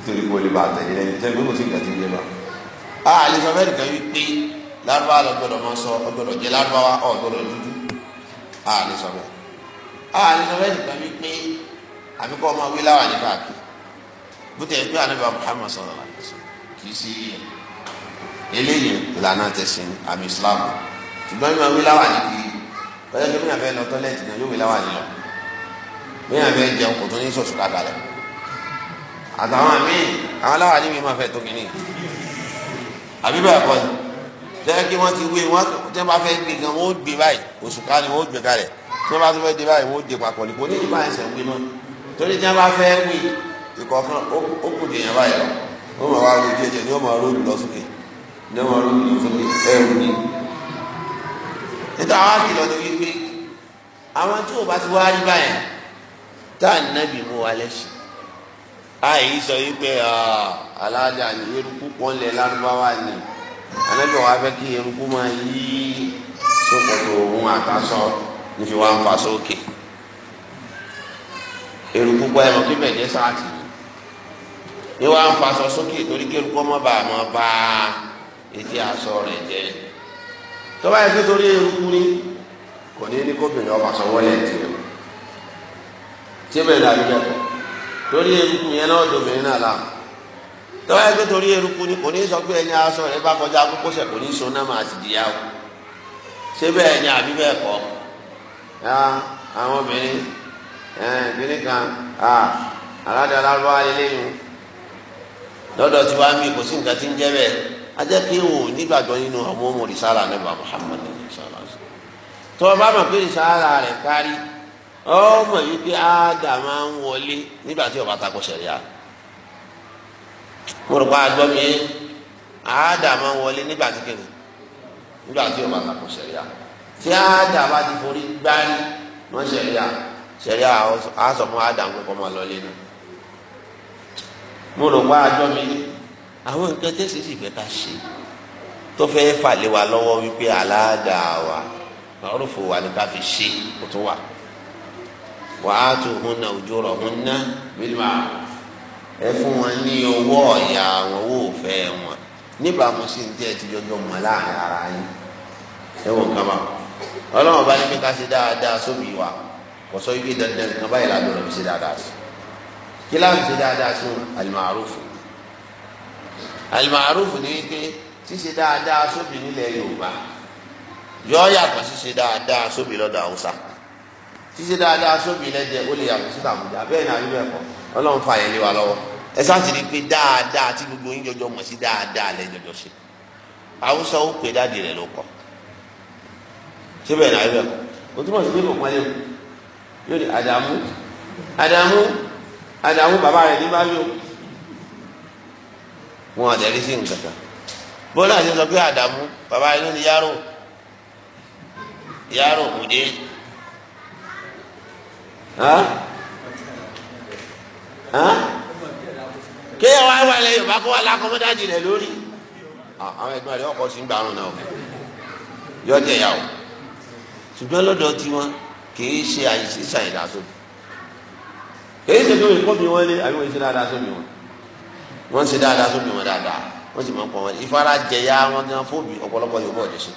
nítorí kó lè bá àtẹ̀yẹ lẹ́yìn tẹ́lẹ̀ kó sì gàtí yé ma. a lè sọ fẹ́ẹ́ nìkan yìí pé lárúbáwá lọ́gbọ́dọ̀ máa sọ ọgbọ́dọ̀ jẹ́ lárúbáwá ọ̀gbọ́dọ̀ dúdú a lè sọ bẹ́ẹ̀. a lè sọ fẹ́ẹ́ nìkan yìí pé àfi kọ́ ọmọ wí láwà ní káàkiri bó tẹ̀ pé anábì Muhammad sọ̀rọ̀ àkọsọ kì í sí eléyìí ìlànà tẹ̀sìn àmì Islam ṣùgbọ́n mi máa wí láwà ní kiri bẹ́ẹ̀ ni mi àfẹ́ lọ àtàwọn míì àwọn aláwa ní mi máa fẹ́ tó kínní àbí bẹ́ẹ̀ kọ́ ni tẹ́lẹ̀ kí wọ́n ti wé wọ́n tẹ́ bá fẹ́ gbé gan wọ́n gbé báyìí oṣù ká ni wọ́n gbé kalẹ̀ tí wọ́n bá tún fẹ́ dé báyìí wọ́n dé papọ̀ ní kò ní ìbá ẹsẹ̀ ń gbé mọ́ torí tí wọ́n bá fẹ́ wí ìkọ̀ọ̀kan ó kù dèèyàn báyìí lọ wọ́n máa wá lójú ẹ̀jẹ̀ ni wọ́n máa róòlù lọ sókè ni wọ́n máa róòlù lọ sókè ẹ̀rù ni. níta wá kìlọ̀ ni wípé àwọn tí ò bá àyè sọ yìí pé aláàjà ni eruku wọn lẹ lárúbáwá ni anájọ wa fẹ́ kí eruku máa yí sókòtò òun àtàsọ nífi wá ń fa sókè eruku gbọ́ ẹ̀rọ kí bẹ̀ẹ́ jẹ́ sáàtì ni wá ń faṣọ sókè torí kí eruku ọmọ bá ọmọ bá etí aṣọ rẹ̀ jẹ́ tó bá yẹ kí torí eruku ni kò ní ní kóbìnrin ọba sọ wọlé tiẹ̀ tí bẹ́ẹ̀ dàbí bẹ́ẹ̀ kọ́ torí eruku yẹn náà dòmìnir náà la tọ́wọ́ ẹgbẹ́ torí eruku ni kò ní sọ pé ẹni aṣọ rẹ bá kọjá kókósẹ̀ kò ní so náà máa ti di yàwó ṣé bẹ́ẹ̀ ni àbí bẹ́ẹ̀ kọ́ àwọn obìnrin ẹ̀ẹ́dínní kan aládé alárúbá lélẹ́yìn lọ́dọ̀ tí wàá mi kò sí nǹkan tí ń jẹ́ bẹ́ẹ̀ a jẹ́ kí n ò nígbàgbọ́ nínú àwọn ọmọ rìsáàlà nípa Muhammad rìsáàlà tó o bá mọ̀ pé rìsáàlà rẹ̀ kárí ọmọ yìí pé áádà máa ń wọlé nígbà tí ọba takò sẹ̀ríà mo rò pé àgbọ̀ mi áádà máa ń wọlé nígbà tí kìnnì nígbà tí ọba takò sẹ̀ríà tí áádà bá ti forí gbárí mọ́ sẹ̀ríà sẹ̀ríà àásọ̀ fún áádà ń pẹ́ máa lọ nu mo rò pé àgbọ̀ mi àwọn nǹkan tẹ̀sí sì fẹ́ ká ṣe tó fẹ́ fà lé wa lọ́wọ́ wípé aláàdá wa ọ̀rùfò wa ni ká fi ṣe kó tó wà wa atuhunna ujurahunna bil ma'ruf ẹ fún wọn ní owó ọ̀yà àwọn owó òfẹ́ wọn níbàámu sí ní tí ẹ ti jọjọ mọ̀ láàrin ara yín ẹ wọ kama ọlọ́wọ́n bá ní pé ká ṣe dáadáa sómi wa kò sọ ibi dandan nǹkan báyìí lábẹ́ ọ̀rọ̀ ṣe dáadáa sí kí láti ṣe dáadáa sí alimaarufu alimaarufu ni wípé ṣíṣe dáadáa sómi nílẹ̀ Yorùbá yọ ọ́ yàtọ̀ ṣíṣe dáadáa sómi lọ́dọ̀ Haúsá ṣíṣe dáadáa sóbì lẹ́jẹ̀ ó lè yàtọ̀ sí tàbùjá bẹ́ẹ̀ ni àyùbẹ̀ kọ́ ọlọ́run fa yẹn lé wa lọ́wọ́ ẹ sáàtì rí i pé dáadáa tí gbogbo yín jọjọ mọ̀ sí dáadáa lẹ́ jọjọ ṣe haúsá ó pè dáàdì rẹ̀ ló kọ́ ṣé bẹ́ẹ̀ ni àyùbẹ̀ kọ́ o túmọ̀ sí pé kò pọ́n yẹn yóò di àdàmú àdàmú àdàmú bàbá rẹ̀ ní bá yóò wọn àtẹ̀rí sí nǹkan kan bọ́lá àti sọ pé àdàmú bàbá rẹ̀ ló ní yàrá kéèyàn wá wà lẹ́yìn bá kó wà lákọmọdájì rẹ lórí ah, àwọn ẹgbẹ́ rẹ ọkọ sí ń gbàrún náà yọ jẹyà o ṣùgbọ́n lọ́dọ̀ tiwọn kìí ṣe àìsí ṣàìdá sóbi kìí ṣe tóbi kó mi wọn lé àbí wọn ṣe dáadáa sóbi wọn wọn ṣe dáadáa sóbi wọn dáadáa wọn sì máa ń pọn wọn ìfara jẹyà wọn ní wọn fóbi ọ̀pọ̀lọpọ̀ yóò bọ̀ ọ̀dẹ̀ ṣe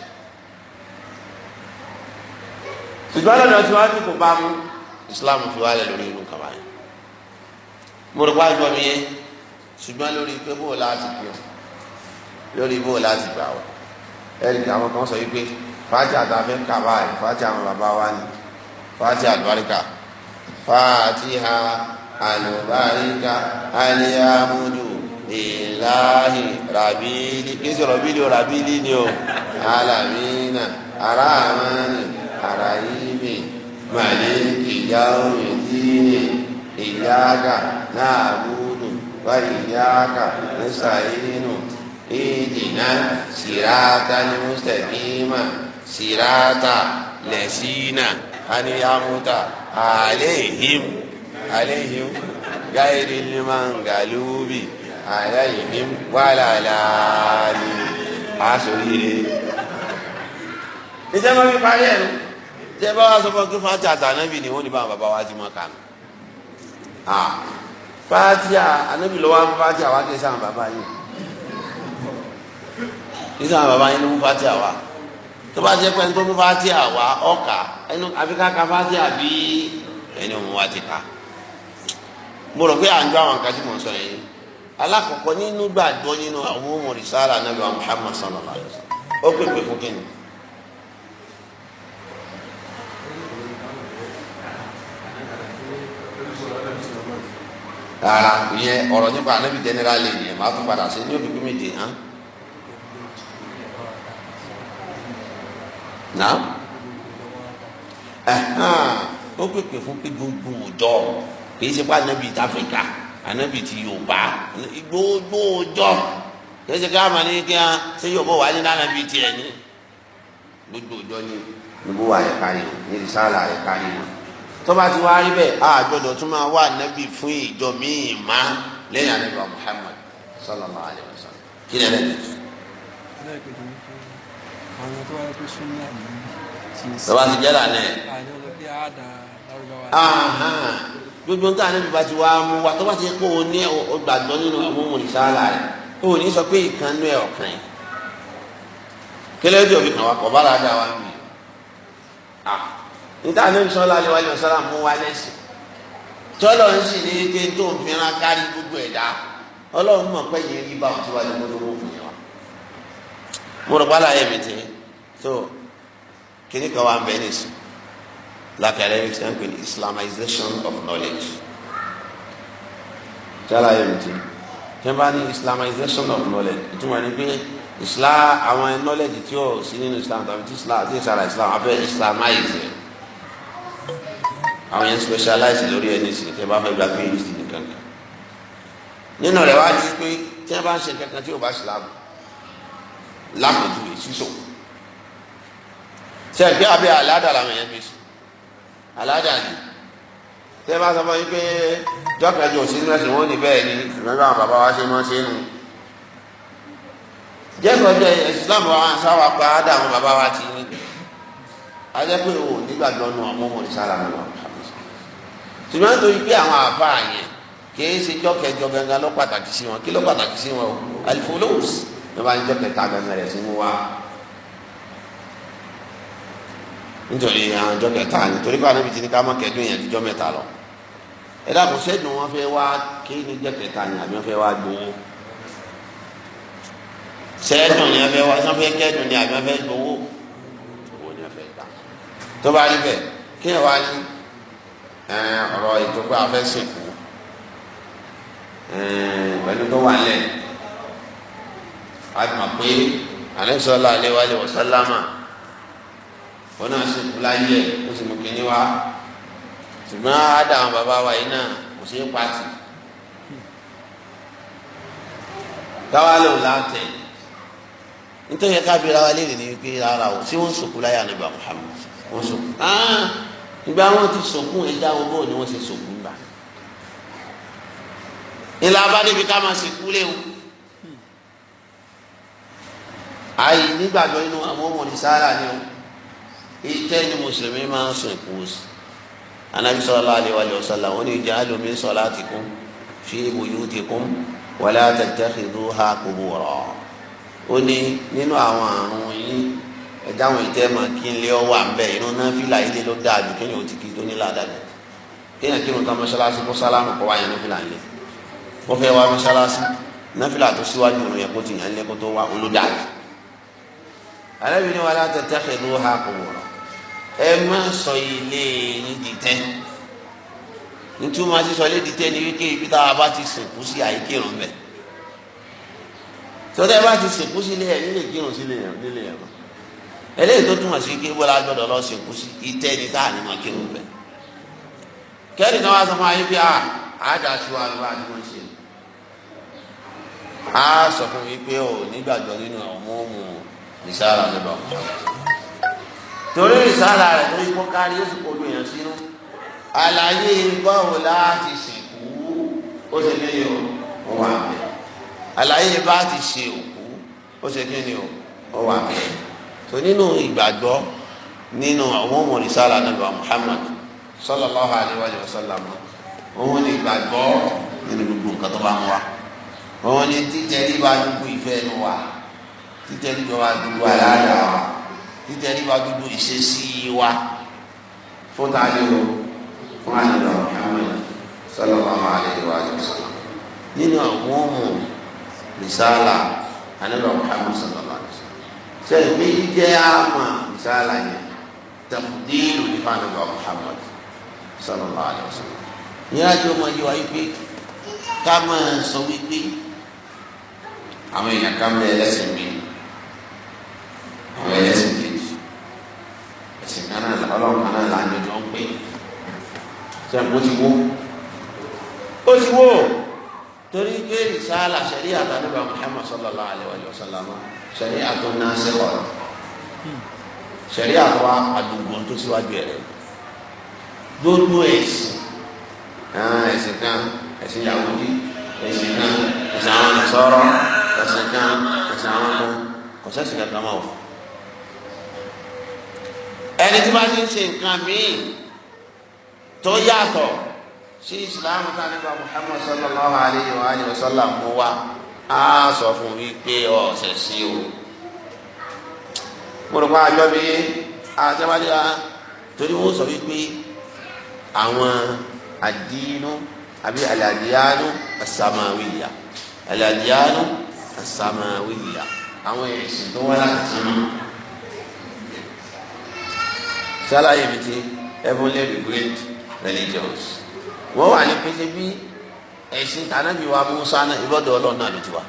ṣùgbọ́n lọ́dọ̀ tiwọn kò bá mu islam fi wálẹ̀ lórí irú kaba yẹn mo rò pa àjọ mi yẹn ṣùgbọ́n lórí pé bó o láti pè ọ́ lórí bó o láti gbà ọ́ ẹ̀ríkì àwọn kan sọ wípé fàájì àtàfẹ́ kaba yìí fàájì àwọn bàbá wa ni fàájì àlùbáríkà fàájì ha àlùbáríkà alihamudu ilahi rabili kí n sọ rabili o rabili ni o alamina aramani arayimi. ملك يوم الدين إياك نعبد وإياك نستعين اهدنا صراط المستقيم صراط الذين أنعمت عليهم عليهم غير المغلوب عليهم ولا الضالين aṣọ yìí. ìjọba mi parí ẹ̀ lọ. tẹ bá wa sọ fún ọ ni wọ́n ní báwọn bàbá wa ti mọ kànú. fati ànẹ́bì lọ́wọ́ àwọn fati àwa kì í sáwọn bàbá yìí kì í sáwọn bàbá yìí ló mú fati àwa tó bá jẹ́ pé tó mú fati àwa ọkà ẹnu àfi ká ka fati àbí ẹni òun ka. mo rò pé à ń jọ àwọn sọ alákọ̀ọ́kọ́ nínú gbàgbọ́ nínú àwọn ọmọ rìsáàlà Muhammad sallallahu alayhi wa sallam ó pèpè fún kínní. rárá ìyẹn ọ̀rọ̀ nípa anabi generally nìyẹn máa tún padà sí ní òbí méje hàn. náà ẹ̀hán ó pèpè fún pé gbogbo ọjọ́ kì í ṣe pé anabi ti Áfíríkà anabi ti Yorùbá gbogbo ọjọ́ kì í ṣe ká máa ní kí wọn ṣe Yorùbá wà ní anabi tiẹ̀ ní gbogbo ọjọ́ ni gbogbo wa yẹ kárí ní ìsáàlà yẹ wọn tọ́ba ti wá rí bẹ́ẹ̀ a gbọ́dọ̀ tún máa wá ànábì fún ìjọ míì má lẹ́yìn ànábì wa Muhammad sallallahu alayhi wa sallam kí ni ẹlẹ́yìn. tọ́ba ti jẹ́lá náà. gbogbo nǹkan ànábì bá ti wá mú wa tọ́ba ti kó o ní gbàgbọ́ nínú àwọn mùsàlá rẹ̀ o ní sọ pé ìkànnú ẹ̀ ọ̀kan yìí kílẹ̀ tí o fi kàn wá kọ̀ bá la dá wa nù níta ní sọlá ni wàá sọlá mú wa lẹ́sìn tọ́lọ̀ ń sì ní ike tó ń fìràn kárí gbogbo ẹ̀dá ọlọ́run mọ̀ pé yẹn rí báwọn tí wàá lè mọ́tò wọ́n fún yẹn wa. mo rò pálá yẹn mi ti tó kíní kan wà ń bẹ nísìn lákàrẹ́ mi ti ń pè ní Islamization of knowledge tọ́lá yẹn mi ti tí wọ́n bá ní Islamization of knowledge ìtumọ̀ ni pé Islam àwọn knowledge tí ó sí nínú Islam tàbí tí Islam àti ìsàrà Islam afẹ́ Islamize àwọn yẹn specialize lórí ẹni sì tẹ bá fẹ́ gba phd nìkan kan nínú rẹ̀ wá ní pé tí wọ́n bá ń ṣe kankan tí yóò bá ṣe láàbù lápòjúwe sísọ ṣe gbé abẹ́ aládà làwọn yẹn gbé sí aládà ni tẹ bá sọ fún yín pé dọ́kẹ́jọ ò sí nínú ẹ̀sìn wọn ní bẹ́ẹ̀ ni ìrọ̀lẹ́ àwọn bàbá wa ṣe máa ṣe é nù jẹ́kọ̀ọ́jẹ́ ìsìlámù wa sáwà pa ádà àwọn bàbá wa ti ní ajẹ́pẹ́ òun nígbàgbọ́ nù àwọn ọmọ òrìṣà làwọn ṣùgbọ́n nítorí pé àwọn àáfàá yẹn kìí ṣe jọ́kẹjọ gangan ló pàtàkì sí wọn kí ló pàtàkì sí wọn o alifoloos ló bá ń jọ́kẹta gangan rẹ̀ sí mú wa nítorí àwọn jọ́kẹta ni torí pé anábìtì ní ká má kẹ́dùn yẹn jíjọ́ mẹ́ta lọ ẹ dàpọ̀ sẹ́dùn wọn fẹ́ wá kí ni jọ́kẹta ni àbí wọn fẹ́ wá gbowó sẹ́dùn ni wọn fẹ́ wá sọ́fẹ́ kẹ́dùn ni àbí wọn fẹ́ gbowó owó ni wọn fẹ́ ọ̀rọ̀ ìtọ́gbà afẹ́sìnkú pẹ̀lú tó wà lẹ̀ àti mà pé àlẹ́sọ̀lá aléwálé wọ̀sálámà wọn náà sìnkú láyé ó sì mú kínní wá ṣùgbọ́n àádà àwọn bàbá wa yìí náà kò sí pàtì táwa lòun láǹtẹ̀ nítorí ká bí ra wa léèrè ni wípé rárá o tí wọ́n sòkú láyé ànábì Muhammad wọ́n sòkú ìgbà wọn ti sọkún ẹ̀dá owó ni wọ́n ṣe sọkún gbà ńlá bá débi ká máa sìnkú léwu àyè nígbàgbọ́ inú àwọn ọmọ ní sáárà ni o ìtẹ́ ni mùsùlùmí máa ń sìnkú sí anabi sallallahu alaihi wa sallam wọn ni ja'alu min salatikum fi buyutikum wala tattakhiduha qubura ó ní nínú àwọn àrùn yìí ẹ̀ka àwọn ìtẹ́ mọ̀ kí n lé ọ wà mbẹ́ inú náà fìlà ilé ló dáa jù kéèyàn ó ti kí tó ní ládàá kéèyàn kí nǹkan mọ́ṣáláṣí kó sálámù kó wáyà náà fìlà ilé wọ́n fẹ́ wá mọ́ṣáláṣí náà fìlà tó síwájú òun yẹ kó ti yàn lé kó tó wá olódà jù. àlẹ́bí ni wàhálà tẹ̀tẹ̀ pẹ̀lú ha kò wọ̀rọ̀ ẹ má sọ ilé yín di tẹ́ nítumọ̀ sísọ ilé di tẹ́ ni wíkẹ́ ibi tá a bá ti sìnkú sí àyíkírun bẹ̀ tọ́tẹ́ eléyìí tó túmọ̀ sí kí wọ́n la gbọ́dọ̀ lọ sí kùsì ìtẹ́ ni tá à ní mọ̀ kí wọ́n bẹ̀. kẹ́rì kan wá sọ fún ayé bí a àádá tí wàá lọ́wọ́ àti wọ́n ṣe. a sọ fún mi pé o nígbàgbọ́ nínú ọmọ mu ìsára rẹ bá torí ìsára rẹ tó yípo kárí ó sì kó lu èèyàn sínú. àlàyé báwo láti sìnkú ó ṣe kí ni o ó wà bẹ́ẹ̀. àlàyé bá ti ṣe òkú ó ṣe kí ni o ó wà bẹ́ẹ̀ tó nínú ìgbàgbọ́ nínú àwọn ọmọ ìsára nàbà Muhammad sallallahu alayhi wa sallam òun ni ìgbàgbọ́ nínú gbogbo nǹkan tó bá ń wá òun ni títẹ nípa gbogbo ìfẹ́ ẹnu wa títẹ nípa gbogbo àlàáda wa títẹ nípa gbogbo ìṣesí wa fún tàbí fún àlejò Muhammad sallallahu alayhi wa sallam nínú àwọn ọmọ ìsára nàbà Muhammad sallallahu sẹ méjì jẹ àmà ìsáàlà yẹn tẹmudéèlú nípa nípa Muhammad sallallahu alaihi wasallam ìyá àti ọmọ yìí wáyé pé ká máa sọ wípé àwọn èèyàn ká mẹ ẹlẹ́sìn mi àwọn ẹlẹ́sìn kejì ẹsìn kan náà Ọlọ́run kan náà làánú ń pè é sẹ mo ti wo ó ti wo torí pé ìsáàlà sẹ̀rí àtàlùbà Muhammad sallallahu alayhi wa sallam sẹ̀rí àtò náà sẹ́wọ̀ sẹ̀rí àtò àdúgbò tó síwájú ẹ̀rẹ́ gbogbo ẹ̀sìn ẹ̀sìn kan ẹ̀sìn Yahudi ẹ̀sìn kan ẹ̀sìn àwọn Nasara ẹ̀sìn kan ẹ̀sìn àwọn kan kò sẹ́sìn kankan máa wò ẹni tí wọ́n ti ń ṣe nǹkan míì tó yàtọ̀ ṣé ìsìláàmù tá nípa Muhammad sallallahu alayhi wa alayhi wa sallam mú wa á sọ fún yín pé ọ̀sẹ̀ sí o kórópa àjọ mi àtẹ́wájú wa torí wọ́n sọ wípé àwọn àdínú àbí àlàdíyánú àsàmàwìyà àlàdíyánú àsàmàwìyà àwọn ẹ̀sìn tó wá láti sánmà sálàyé mi ti heavenly regret religions wọ́n wà ní pèsè bí ẹ̀sìn tànàbí wa Musa náà ìlọ́dọ̀ ọlọ́run náà ló ti wà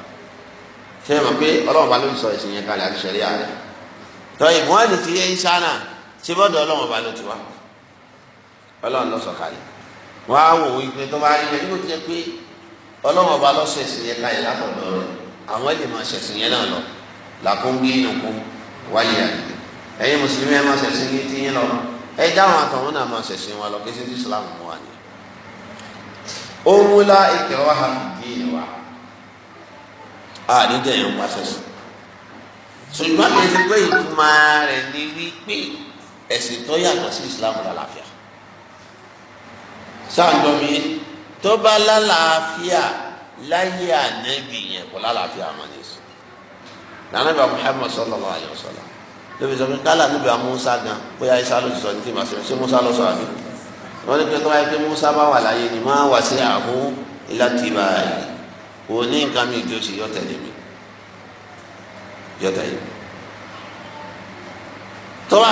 ṣé ẹ mọ̀ pé ọlọ́run bá ló ń sọ ẹ̀sìn yẹn kalẹ̀ àti sẹ̀ríà rẹ̀ tọ́ ìbùn ẹ̀dì ti yẹ Isa ṣé bọ́dọ̀ ọlọ́run bá ló ti wà ọlọ́run ló sọ kalẹ̀ wọ́n á wò wípé tó bá rí ẹni tó pé ọlọ́run bá ló sọ ẹ̀sìn yẹn kalẹ̀ látọ̀dọ̀ rẹ̀ àwọn ẹ̀dì máa ṣẹ̀sìn yẹn náà lọ làkúngbé nìkún wáyé ohun la ìkẹwà ha di ìwà e a ní dẹ̀ yẹn wá sẹ́sìn ṣùgbọ́n kì í ṣe pé ìtumọ̀ rẹ̀ ni wípé ẹ̀sìn tó yàtọ̀ sí Islam lálàáfíà sáàjọ mi tó bá lálàáfíà láyé ànẹ́bì yẹn kò lálàáfíà àmọ́ ní sùn nànàbì Muhammad sallallahu alayhi wa sallam lóbi sọ pé kálá níbi àmúṣá gan bóyá isa ló ti sọ ní kí n máa sọ ṣé musa ló sọ àbí wọ́n ní pé tó wáyé pé Musa bá wà láyé ni máa wà sí àhú láti bá a yìí kò ní nǹkan mi tó ṣe yọ tẹ̀lé mi yọ tẹ̀lé mi. tó wá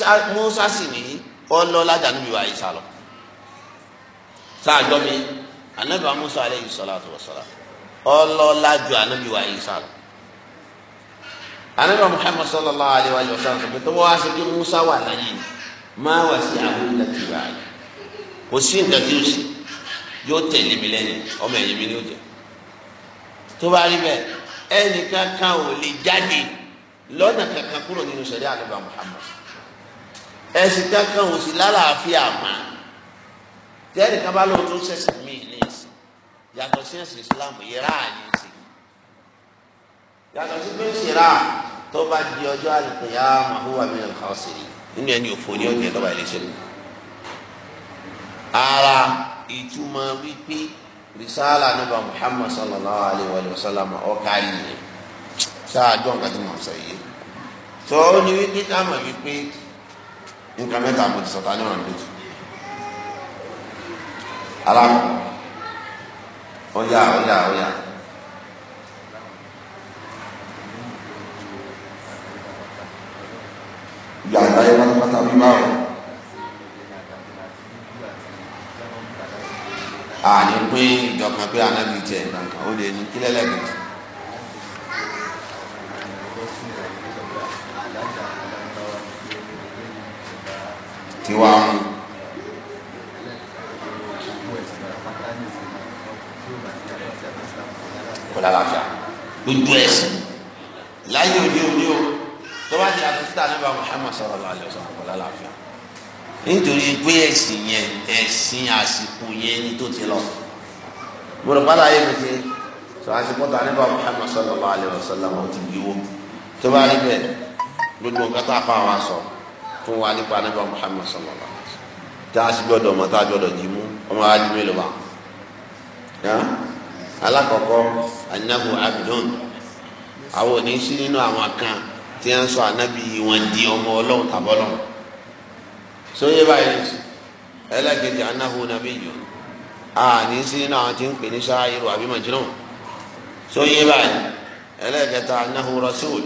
sọ Musa sì ní ọlọ́lá jàǹdùbí wa Ìsá lọ sáà gbọ́ mi anabi amusa aleyhi salatu wa salam ọlọ́lá ju anabi wa Ìsá lọ anabi muhammad sallallahu alayhi wa sallam tó wá sọ pé Musa wà láyé ni máa wà sí àhú láti bá kò sí nǹkan tí ó sì yóò tẹ̀lé mi lẹ́yìn ọmọ ẹ̀yìn mi ni ó jẹ tó bá rí bẹ́ẹ̀ ẹnì kankan ò lè jáde lọ́nà kankan kúrò nínú sẹ̀rí àlùbà Muhammad ẹ̀sìn kankan ò sì lálàáfíà mà tẹ́lẹ̀ kan bá lóun tó sẹ̀sìn mí ní ìsìn yàtọ̀ sí ẹ̀sìn Islam yẹra àyè ìsìn yàtọ̀ sí pé ìṣẹ̀ra tó bá di ọjọ́ àlùkò yá màhúwà mi nìkan ọ̀sìn nínú ẹni òfò ní ọ̀gbìn ara ìtumọ̀ wípé risala nípa muhammad sallallahu alayhi wa sallam ọ̀ka yìí ṣáájú ọ̀gá tí mo sọ yìí tó o ní wípé ká mọ̀ wípé nǹkan mẹ́ta mo ti sọ̀tà ní ọ̀rọ̀ méjì alákọ̀ọ́ ọ̀yà ọ̀yà ọ̀yà. ìgbà àgbáyé pátápátá bí báwọn. àní pín ìjọkan pé anábì tiẹ̀ nǹkan ó lè ní kílẹ̀ lẹ́gẹ̀dì. tiwa mu kò lálàáfíà gbogbo ẹsìn láyé òde òde o tó bá ti àtúntà nípa Muhammad sallallahu alaihi wasallam kò lálàáfíà nítorí pé ẹ̀sìn yẹn ẹ̀sìn àsìkò yẹn ni tó ti lọ gbọ́dọ̀ pátá yẹn mi ti sọ àsìkò tó àníbà Muhammad sallallahu alayhi wa sallam ó ti yíwó tó bá rí bẹ́ẹ̀ gbogbo nǹkan tá a fa wa sọ fún wa nípa àníbà Muhammad sallallahu alayhi wa sallam tá a sì gbọ́dọ̀ ọmọ tá a gbọ́dọ̀ jí mú ọmọ wa jí mélòó bá alakọkọ anahu abdul àwọn oníṣẹ́ nínú àwọn kan tí wọ́n sọ anabi wọn di ọmọ ọlọ́run tàbọ́lọ́run sóyè báyìí ẹlẹ́kẹ̀jì anahu nàbí jù àní sí iná àwọn tí ń pè ní sáyẹ̀rù àbí màjínùn sóyè báyìí ẹlẹ́kẹta anahu rasul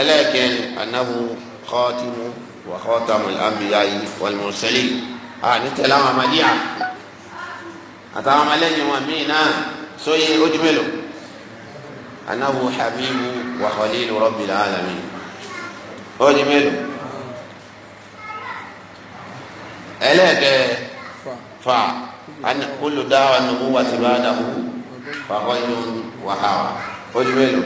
ẹlẹ́kẹ̀rin anahu khatimu wa khatamul anbiya'i wal mursalin àní tẹ̀lé àwọn amadíyà àtàwọn ọmọlẹ́yìn wọn míì náà sóyè ojú mélòó anahu habibu wa khalilu rabbil alamin ẹlẹ́ẹ̀kẹ́ fa ani kulu dáwà nùgbò wà tí bá dàgbò fàkọ́ yóò wàhálà ojú mélòó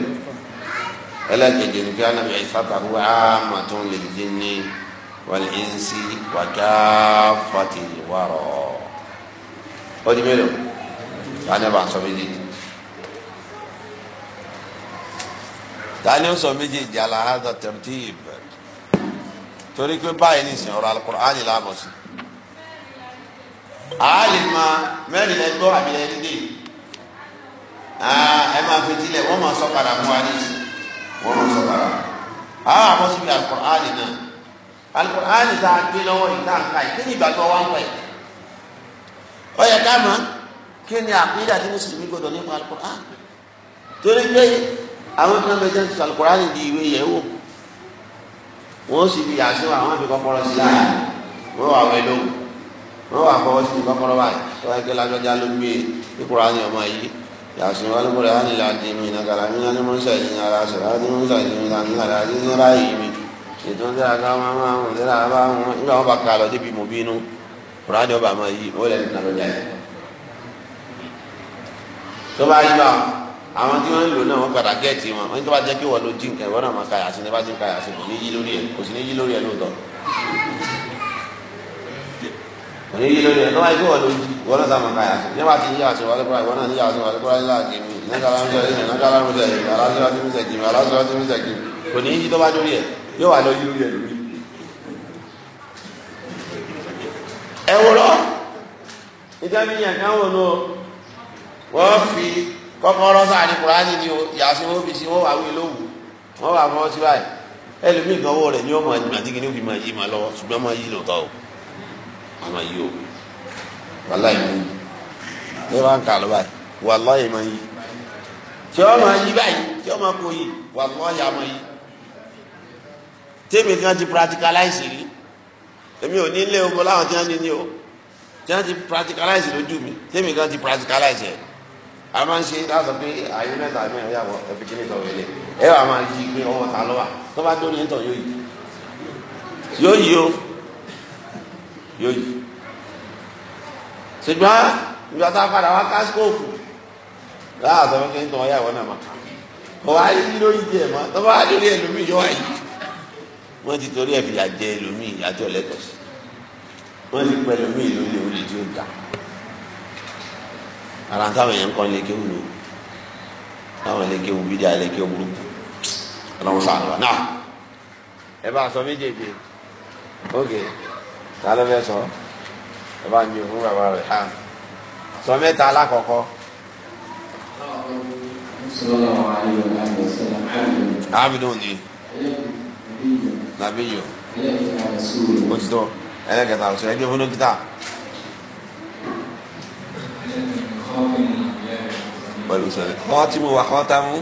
ẹlẹ́ẹ̀kejì ní kí anabi ìsàtà wà á mà tó lè dín ní wàlẹ̀ ẹ̀ǹsì wà ká fati wàrọ̀ ojú mélòó tani bá sọ méjèèjì tani sọ méjèèjì alahadà torí pé báyìí ní ìsìn ọ̀rọ̀ alukur'ani láàmú sí i àálì ma mẹ́rin lẹ gbọ́ àbí lẹ ń dè ẹ máa fetí lẹ wọ́n máa sọ padà fún wa nísì wọ́n máa sọ padà àwọn àbọ̀ síbi Al-Qur'ani náà Al-Qur'ani tá a gbé lọ́wọ́ yìí tá a ka ni ìgbàgbọ́ wa ń pẹ̀ ọ yẹ ká mọ̀ kí ni àpéjà tí mùsùlùmí gbọdọ̀ nípa Al-Qur'ani torí pé àwọn kan bẹ jẹ́ ti Al-Qur'ani di ìwé yẹ̀ wò wọ́n sì fi àṣewà àwọn àbíkọ́ pọ̀rọ̀ sí láàyè wọ́n wà wẹ̀ lóhùn wọn wà fọwọ́ sí ìbákọ́rọ́ báyìí tó wáyé pé lágbájá ló gbé ìkúra ní ọmọ yìí yàtọ̀ wọn lóko rẹ̀ hàn nílẹ̀ àti mi nàgàlà mi nàní mọ́sá yìí ní ara sọ̀rọ̀ àti mọ́sá yìí ní nàní nàrà àti ní ara yìí mi ètò ńlẹ̀ àga máa máa ń lẹ̀ àbá wọn nígbà wọn bá ka lọ débi mo bínú kúrò àjọ bá máa yí yìí. tó bá àwọn tí wọ́n ń lò náà wọ́n padà gẹ́ẹ̀tì wọn wọ́n tó bá jẹ́ kí wọ́n lo jí nǹkan ìwọ́n náà máa ka yàtí ní bá ti ń ka yàtí kò ní yí lórí ẹ̀ kò sì ní yí lórí ẹ̀ lóòótọ́ èyí ló yẹ lọ́wọ́ ẹgbẹ́ wọn ló ń jí wọn náà sàmọ̀ káyà sí yẹ́n bá ti yíyà sí wàlé kúrò àwọn náà yíyà sí wàlé kúrò ayélujára kìíní nàkàlà ń sẹ́yìn nàkàlà ń sẹ́yìn aláṣọ ti ń sẹ́yìn aláṣọ ti ń sẹ́yìn kò ní í jí tó bá dórí ẹ̀ yóò wà lọ yí lórí ẹ̀ lórí. ẹ wò lọ ìdábí yàn kan wò lọ wọ́n fi kọ́kọ́rọ́ sáàní kúránì ni yàtí wọ́n fi sí wọn máa yí o wàláyé máa yí ní wọn kà ló báyìí wàláyé máa yí tí wọn máa yí báyìí tí wọn máa kó yí wàláyé á máa tèmi kan ti practicalize rí èmi ò ní ilé oko láwọn tí wọn ní ní o tí wọn ti practicalize lójú mi tèmi kan ti practicalize ẹ a máa ń ṣe láti pé àyè mẹ́ta àmì ẹ̀yà wọ ẹ̀fi kí ni tọ̀wé lé ẹ wà máa yí pé ọwọ́ ta lọ́wọ́ tó bá dóni ń tọ̀ yóò yí yóò yí o yóò yí ṣùgbọ́n ìjọ tá a padà wá kásíkòòfù láà sọ fún kí n tàn ọ́ yà wọ́n náà mọ̀ kọ́ wá yí lórí tiẹ̀ mọ́ tọ́ bá wá lórí ẹlòmíì yọ wá yí wọ́n ti torí ẹ̀ fi àjẹ ẹlòmíì àti ọ̀lẹ́tọ̀sí wọ́n ti pẹ́ ẹlòmíì lórí olè tí ó ga ara táwọn èèyàn kan lè kéwù lò táwọn lè kéwù bídíà lè kéwù burúkú ọlọ́run sáà lọ náà ẹ bá sọ méjèèjì ókè. Okay ta ló fẹ́ sọ ẹ bá ń yọ fún bàbá rẹ̀ hàn ah, sọ mẹ́ta alákọ̀ọ́kọ́. abidu ni nabiyo òtítọ́ ẹlẹ́kẹta ọ̀sẹ̀ ẹgbẹ́ fún dókítà. pẹ̀lú sọ̀rọ̀ kọ́tìmù wà kọ́tàmù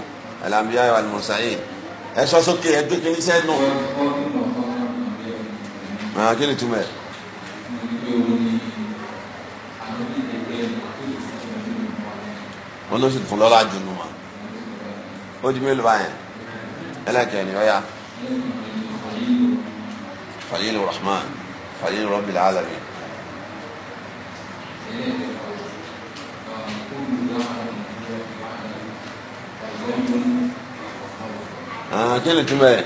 alàmúyá wà lùmọ̀sáyé ẹ sọ sókè ẹgbẹ́ kìíní sẹ́nu. Ah, kí ni túmọ̀ ẹ̀ wọn ló sì fún lọ́la jùlọ wọn ó di mélòó báyẹn ẹlẹ́kẹ̀ẹ́ ni ó yá fàyín rahman fàyín rabbil alamin. Ah, kí ni túmọ̀ yẹn.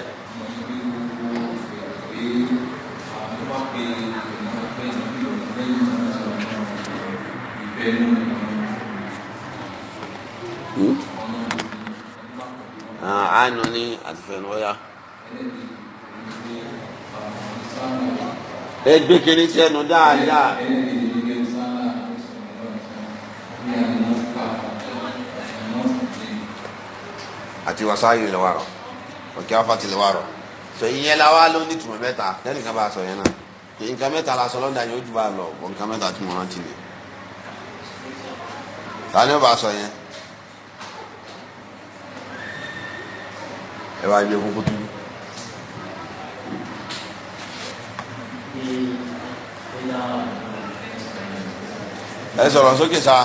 àánú hmm? ah, ní àtìfẹnúyà ẹgbẹ́ kiri tí ẹnu dáadáa. àti wasaayù ilẹ̀ wa rọ̀ òkè afati ilẹ̀ wa rọ̀ sọ ìyẹn la wa ló ní tùmọ̀ mẹ́ta lẹ́nu kan bá a sọ yẹn náà nǹkan mẹ́ta la sọ lọ́dà yóò ju bá a lọ nǹkan mẹ́ta tí mo rántí nìyẹn tani ó sọ yẹn ẹ wá gbé kúkú túbú. ẹ sọ̀rọ̀ sókè sa.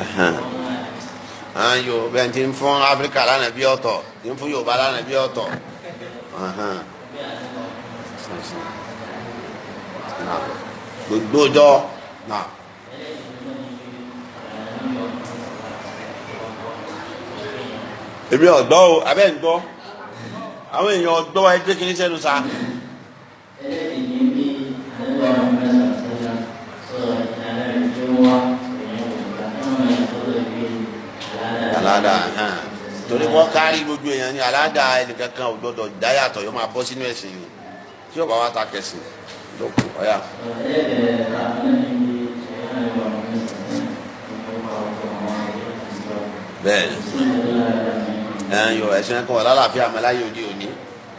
Uh-huh ayo bẹ́ẹ̀ ti ń fún áfíríkà lánàá bí ọ̀tọ̀ ti ń fún yorùbá lánàá bí ọ̀tọ̀. gbogbo ọjọ́ náà. èmi ọ̀gbọ́ o abẹ́ ń gbọ́ àwọn èèyàn ọ̀gbọ́ wa ẹgbẹ́ kìíní sẹ́nu sa. aláda hàn torí wọn kárí gbogbo èèyàn ni aláda ẹnìkankan ò gbọdọ̀ dáyàtọ̀ yóò máa bọ́ sínú ẹ̀sìn ni tí yóò bá wa ta kẹsìn ló kù ọ̀yà. bẹ́ẹ̀ni ẹn yọ ẹsìn ẹkọ wà lálàáfíà àmàláyé òde òní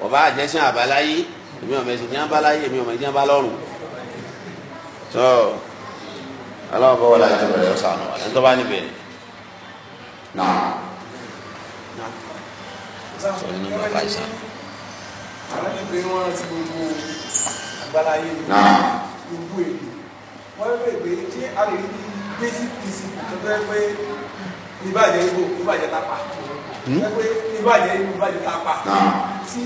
ọba àjẹsìn àbáláyé èmi ọmọ ẹsìn jẹun báláyé èmi ọmọ ẹsìn jẹun bálọrùn tó aláwọ bọ wọlé àti ọmọ ẹsìn ọsàn àwọn ẹni tó bá níbẹ̀ ni. نعم نعم نعم wọ́n lè gbé kí a lè rí bí basic basic tó fẹ́ pé ìbàjẹ́ ibo ìbàjẹ́ tapa hmm? pé ìbàjẹ́ ibo ìbàjẹ́ tapa tí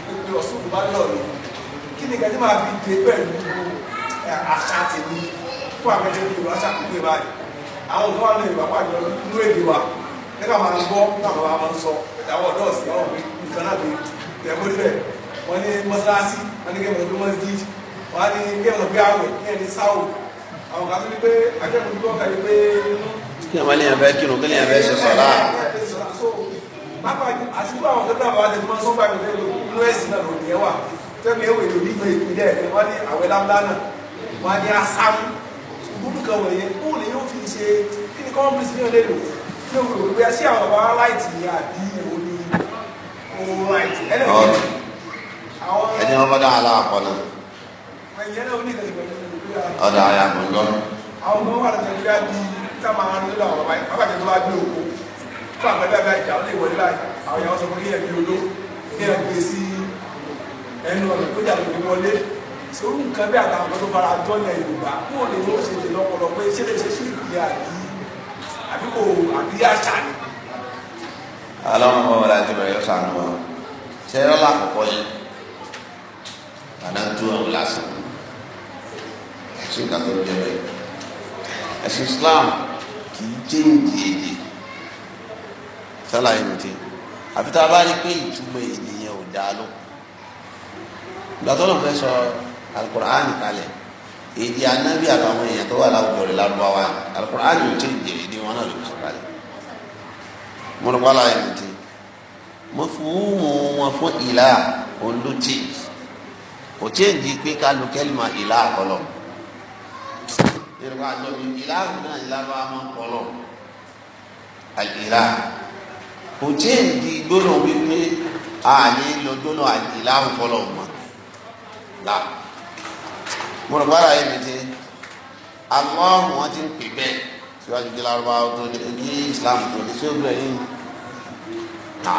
ìpèpè ọ̀ṣun bá lọ rẹ̀ kí ni kẹ́tí máa fi dé pẹ̀lú eh, àṣà tèmi fún àpẹẹrẹ ìlú àṣà kúkú ìbàjẹ́ àwọn tó wà ní ìwà pàjọ nínú èdè wa ní máa gbọ́ ní àwọn máa ń sọ ìdáwọ́ ọ̀dọ́ọ̀sì àwọn òbí nìkan náà lè tẹ̀ mọ́ níbẹ̀ wọ́n ní mọ́sálásí wọ́n ní kéwọn ọdún mọ́sí wọ́n á ní kéwọn gbé àwẹ̀ ní ẹni sáwò àwọn kan tó ní pé akẹ́kọ̀ọ́ tó kà yìí pé. kí ni àbálẹ̀ yẹn kí ìgbúdù kan wọ̀nyẹn bóun lè yóò fi ṣe kí ni common place ní ọ̀lẹ́ lò ní òwe òwe bóyá sí àwọn bàbá láìtì ni àbí ìwò ni òun láìtì ẹlẹ́kẹ̀ẹ́ àwọn ẹni wọn bọ́dá aláàpọ̀ náà ẹ̀yẹ́ náà ó ní ìkànnì pẹ̀lú ọ̀dà àyà mọ̀ lọ́nà. àwọn ọmọ wà lọ́sẹ̀ bóyá bí máa ń lọ àwọn bàbá yìí bàbá jẹ́ tó bá gbé oko fún àgbẹ̀dẹ àgbà ìjà sòrò nǹkan bí àtàwọn ọmọ tó fara jọ ilẹ̀ yorùbá kó o lè ní o ṣe lè lọ́pọ̀lọ́ pé ṣé lè ṣe ṣíríkì yà yí àbí kò àbí àṣà ni. alọ́mọ bọ́ wọlé àti bẹ̀rẹ̀ sànù wọn ṣé yọ́lá àkọ́kọ́ ni àná ọ̀hún lásán ẹ̀sìn kan tó jẹ́ bẹ́ẹ̀ ẹ̀sìn Islam kì í jẹ́ ìdíyèdè sálàyé mi ti àfi tá a bá rí pé ìtumọ̀ ènìyàn ò dáa lọ gbàtọ́ ló fẹ́ sọ ọ́ alukur'an kalẹ̀ èdè anabi àtàwọn èèyàn tó wà láwùjọ rẹ̀ lárúbáwá alukur'an yóò ti jẹ èdè wọn náà ló ti kalẹ̀ mọ̀nàkọ́lá yẹn ti mo fún wọn fún ìlà olùtí kò chéǹdì pé kálu kẹ́lìmà ìlà àkọlọ̀ yorùbá àjọ mi ìlà náà ìlà bá máa kọlọ̀ àìlà kò chéǹdì gbólóhùn wípé àní lọ gbólóhùn àìlà ń kọlọ̀ là gbọ́dọ̀gbọ́dọ̀ ayé mi ti Allahu wọn ti ń pè bẹ́ẹ̀ síwájú kí Lárúbáwá tó ní ní Islam tó ní sí òbí rẹ̀ yìí nà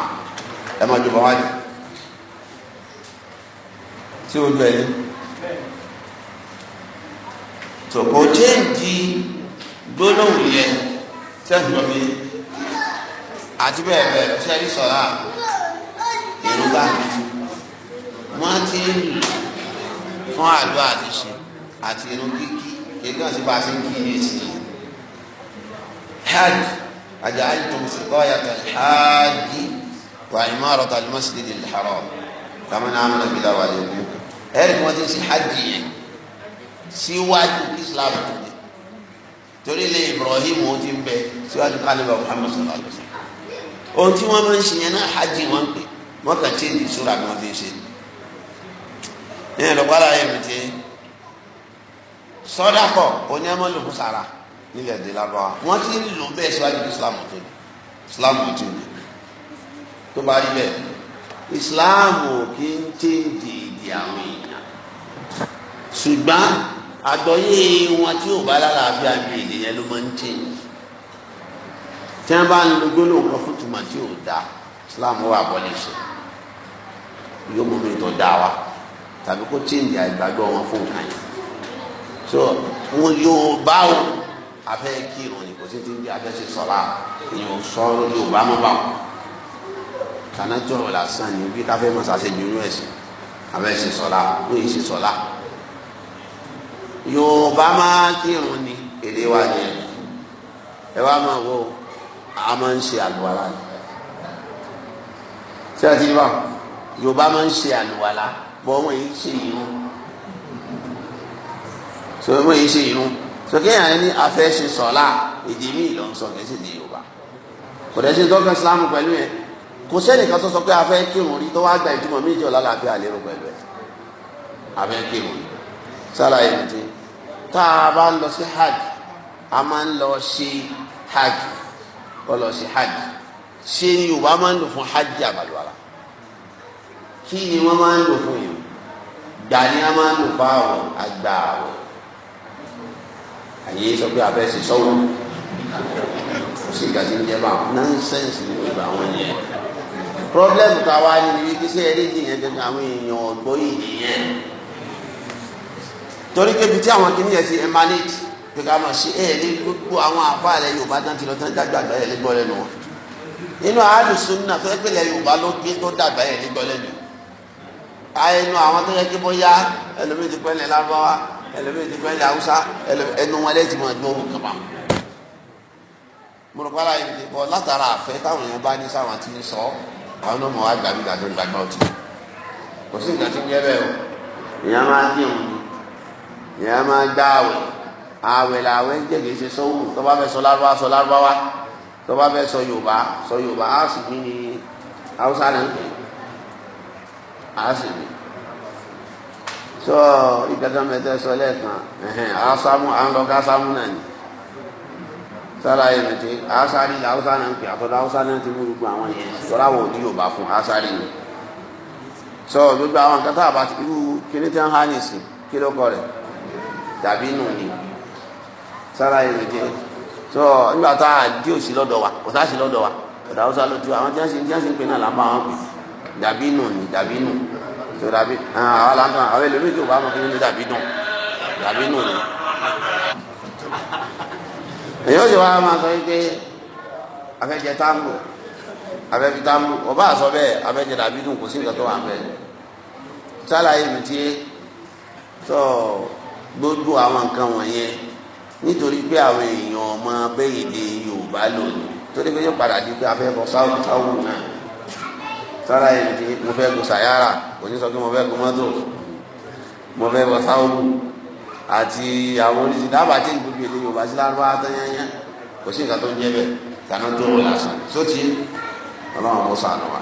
ẹ máa jọba wájú tí o lọ ẹni tó kò chéǹjì gbólóhùn yẹn sẹ́gbọ̀n mi àti bẹ́ẹ̀ bẹ́ẹ̀ sẹ́rí sọ̀rọ̀ èròǹgbà wọn ti fún àlọ́ àti ṣe àti irun kíkí kéka sí bá a ṣe ń kí ní ìsìn hajj àjà hajj tó ń sè kọ́ yàtọ̀ hajj wà imarata al-masjid al-haram kàmínà àmàlà bí dáwà lè mú ẹ̀rí kí wọ́n ti ń ṣe hajj yẹn síwájú islam tó dé torí ilé ibrahim ó ti ń bẹ síwájú kálíbà muhammad sallallahu alaihi wa sallam ohun tí wọ́n máa ń ṣe yẹn náà hajj wọ́n pè wọ́n kàn ṣe ìdí sóra kan fi ṣe ní ẹ̀rọ pàrọ̀ ayé mi ti sọdakọ oníyàmọlòkù sara nílẹ̀ èdè Lárúbáwá wọn ti ń lò bẹ́ẹ̀ síwájú islamu tó ní islamu tó ní tó bá rí bẹ́ẹ̀ islamu kì í ṣe dìde àwọn èèyàn ṣùgbọ́n àgbọ́yé wọn tí ò bá lálàáfíà bí èdè yẹn ló máa ń ṣe tí wọn bá ń lo gbólóhùn fún tuma tí ò da islamu wà bọ́ ṣe yóò mú mi tó dá wa tàbí kó ṣe ìdí àgbàgbọ́ wọn fún nǹkan yẹn so wo yorùbá o afẹ́ kírun ni kò sí ti ń bí afẹ́ ṣe sọ̀rọ̀ a èèyàn sọ yorùbá mọ́ bá wọn kanajọ́ lásán ni bí káfẹ́ mọ́ sàṣẹ jù ní ẹ̀sìn afẹ́ ṣe sọ̀rọ̀ a wọ́n yìí ṣe sọ̀rọ̀ a yorùbá máa kírun ni èdè wa ni ẹ wá máa wọ a máa ń ṣe àlùwàlá ni ṣé àti yorùbá máa ń ṣe àlùwàlá bọ́ wọ́n yìí ṣe yìí wọn sọ ẹ mọ yìí ṣe irun sọ kéèyàn ẹni afẹ́ ṣe sọ̀lá èdè míì ló ń sọ kẹsì ní yorùbá kò dẹ́sí dọ́kẹ́ sílámù pẹ̀lú yẹn kò sẹ́nìkan tó sọ pé afẹ́ kírun rí tó wá gba ìtumọ̀ míì jọ lálàáfíà lérò pẹ̀lú ẹ̀ afẹ́ kírun rí sálàyé mi ti tá a bá lọ sí hajj a máa ń lọ sí hajj ó lọ sí hajj ṣé ni yorùbá máa ń lò fún hajj àbàlùwàlà kí ni wọ́n máa ń lò fún yìí gbà ni a máa ń lò fún àgbà àwọ̀ àyè sọ pé abẹ́ sì sọ́wọ́ kò sí ìgbà tí ń jẹ́ bá wọn nọ́nsẹ́ǹsì nínú ìgbà àwọn ènìyàn pírọ́blẹ́mù ká wá ní ibi kí sẹ́yìn rí nìyẹn gẹ́gẹ́ àwọn èèyàn ọ̀gbọ́n yìí nìyẹn torí kébi tí àwọn kìnìyàn ti emanate pé ká máa ṣe ẹ̀ ní gbogbo àwọn àfáàlẹ̀ Yorùbá tán ti lọ tán dájú àgbà lẹ́gbọ́ lẹ́nu wọn nínú àádùsúnà tó yẹ pé Yorùbá ló gbé tó dàgbà yẹn lẹ́gbọ́ lẹ́nu àyẹnu àwọn tó yẹ kí bóyá ẹlòmíì ti pẹ́ lẹ́ lárúbáwá ẹlẹ́mìí ti gbẹ́lẹ̀ haúsá ẹnu wọn lẹ́yìn tí mo gbọ́ wọn kaba mo rò pàrọ̀ yìí ti bọ́ látara àfẹ́ táwọn èèyàn bá ní sáwọn àti sọ àwọn ọmọ wa gbàgbé gbàgbé gbàgbé ọtí kò sí nǹkan tí ń yẹ bẹ́ẹ̀ o ìyá máa dín òun ni ìyá máa gbá àwẹ̀ àwẹ̀ làwẹ̀ ń jẹ̀gẹ̀ ṣe sọ́wọ́ tó bá fẹ́ sọ lárúbá sọ lárúbáwá tó bá fẹ́ sọ yorùbá sọ yorùbá á sì mí ni haúsá náà á sì mí so ìkẹta mẹtẹ sọ lẹ́ẹ̀kan asamu anlọ kásámú náà ni sálàyé mẹtẹ asari la hausa náà ń pè àtọ́dọ̀ hausa náà ti mú gbogbo àwọn yẹn sọlá wọn ò ní yorùbá fún asari ni sọ gbogbo àwọn nǹkan tá a bá irú kíní tí wọn há nìsí kí ló kọ rẹ tàbí nù ni sálàyé mẹtẹ sọ nígbà tá a dí òsì lọ́dọ̀ wa kò tá a sì lọ́dọ̀ wa ọ̀dà hausa ló ti wá àwọn tí wọn ṣe ń pè náà làbá wọn pè dàbí nù ni dàbí nù tó dàbí àwọn aláǹtọ̀ àwọn ẹlòmíì tó bá wọn fún mi dàbí dùn dàbí nù ni. èyí ó sì wá máa sọ pé afẹ́jẹ o afẹ́fi táǹbù ọba àsọ bẹ́ẹ̀ afẹ́jẹ dàbí dùn kò sí nǹkan tó wà bẹ́ẹ̀ sálàyé mi tiẹ́ tó gbogbo àwọn nǹkan wọ̀nyẹn nítorí pé àwọn èèyàn ọmọ abẹ́yẹ̀dẹ̀ Yorùbá lòdì torí pé yóò padà di pé afẹ́fọ́ sáwùsáwù náà sọ́ra yìí ti mo fẹ́ kó sàyára kò ní sọ pé mo fẹ́ kó mọ́tò mo fẹ́ kó sáwọ́bù àti àwọn oníṣẹ́ dábàá tí gbogbo èdè Yorùbá sí lárúbá tẹ́yẹ́yẹ́ kò sí nǹkan tó ń jẹ́ bẹ́ẹ̀ tàná tó rò lásán sóti ọlọ́run kó sànù wa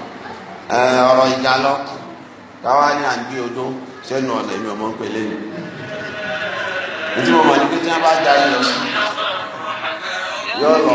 ọ̀rọ̀ ìjà lọ káwá ní àgbé odó sẹ́nu ọ̀nà èmi ọmọ ń pè lẹ́nu ètí mo mọ̀ ní pé tí wọ́n bá já yín sí yọ lọ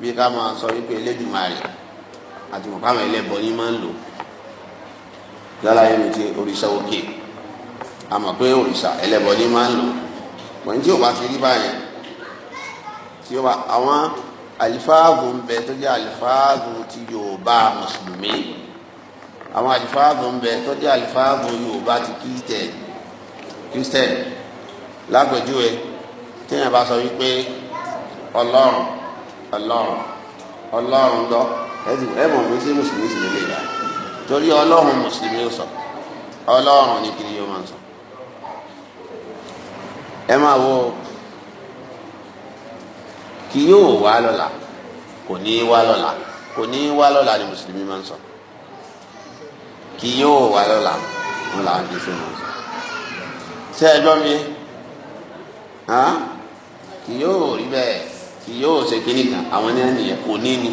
bí ká máa sọ wípé Elédùmarè àti mọ̀káwọn ẹlẹ́bọ ní máa ń lò yálà yẹn mi ti òrìṣà òkè àmọ́ pé òrìṣà ẹlẹ́bọ ní máa ń lò wọ́n tí o bá ti rí báyẹn tí o bá àwọn àlìfáàgù ń bẹ tó jẹ́ àlìfáàgù ti Yorùbá mùsùlùmí àwọn àlìfáàgù ń bẹ tó jẹ́ àlìfáàgù Yorùbá ti kírísítẹ̀n kírísítẹ̀n lágbèjúwe téèyàn bá sọ wípé Ọlọ́run ọlọ́run ọlọ́run lọ ẹ mọ̀ pé sí mùsùlùmí sì lélẹ̀ ìlà torí ọlọ́run mùsùlùmí ó sọ ọlọ́run ní kiri yóò máa sọ. ẹ máa wo kì yóò wá lọ́la kò ní í wá lọ́la kò ní í wá lọ́la ni mùsùlùmí máa ń sọ kì yóò wá lọ́la ń là ń di fún mi ṣé ẹ gbọ́ mi kì yóò rí bẹ́ẹ̀ yóò ṣe kínní kan àwọn ní ànìyàn kò ní ni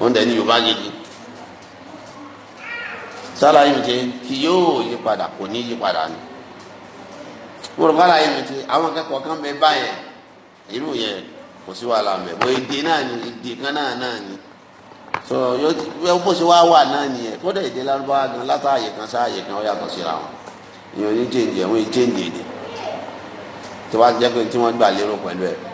wọn dẹ ní yorùbá gidi sálàyé mi ti kì yóò yí padà kò ní yí padà ni mo rò sálàyé mi ti àwọn akẹ́kọ̀ọ́ kan bẹ báyẹn irú yẹn kò sí wàhálà mẹ bọ èdè náà ni èdè kan náà náà ni so yóò bó ṣe wá wà náà nìyẹn kódà èdè lárúbáwá gan látàyè kan sáàyè kan ó yàtọ̀ síra wọn ìyẹn oníjèǹjì àwọn ìjèǹjì èdè tó bá jẹ́ pé tí wọ́n gbà lérò pẹ̀lú ẹ̀.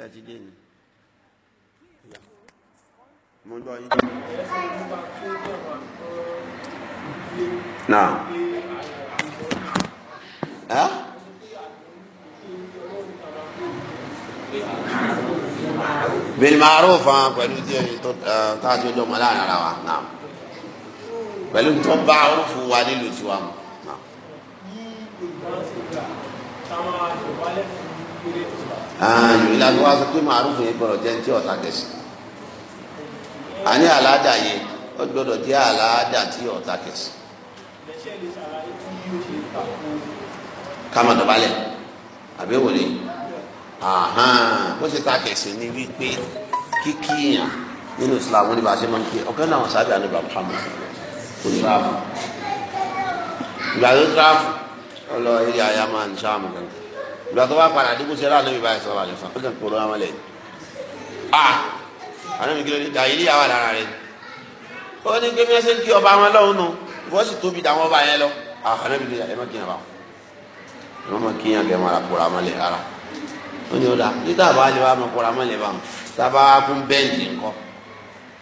ṣé ẹ ti dé ni mo gbọ́ yín. náà ah, ẹ. bilimaro fan pẹ̀lú díẹ̀ tó tá a ti jọ mọ láàrin ara wa náà pẹ̀lú tó bá òfu wa nílùú tiwa mu ààyò ilé àti wá sọ pé màrúfù yẹn gbọ́dọ̀ jẹ́ ti ọ̀tá kẹsì àní àládà yẹn ó gbọ́dọ̀ jẹ́ àládà ti ọ̀tá kẹsì. kámọ̀ dọ̀bálẹ̀ àbẹ̀wò ni bó ṣe ta kẹsì ni wípé kíkí yàn nínú Islam ní bá a ṣe máa ń pè ọ̀kan náà wọn sábẹ́ àná bàbá Muhammad kò tíráfù ìgbà tó tíráfù ọlọ eré ayá máa ń sáàmù kan ìgbà tó bá padà dúkú sí ẹlá lóbi báyìí sọ̀rọ̀ àjọsán ó kàn kúrò àwọn lẹ́yìn. a àwọn èmi kìlọ̀ ní dàyí ní àwọn àdára rẹ ó ní pé mẹsẹ̀ ń kí ọba wọn lọ́wọ́ nù ìwọ́n sì tóbi dàwọn ọba yẹn lọ àwọn èmi kìlọ̀ ẹ kíyàn bá wọn ẹ má kíyàn kẹ́ máa kúrò àwọn lẹ̀ ara ó ní ọ̀dà títà bá lè wá máa kúrò àwọn lẹ̀ bá wọn tábà kún bẹ́ǹdì ńkọ́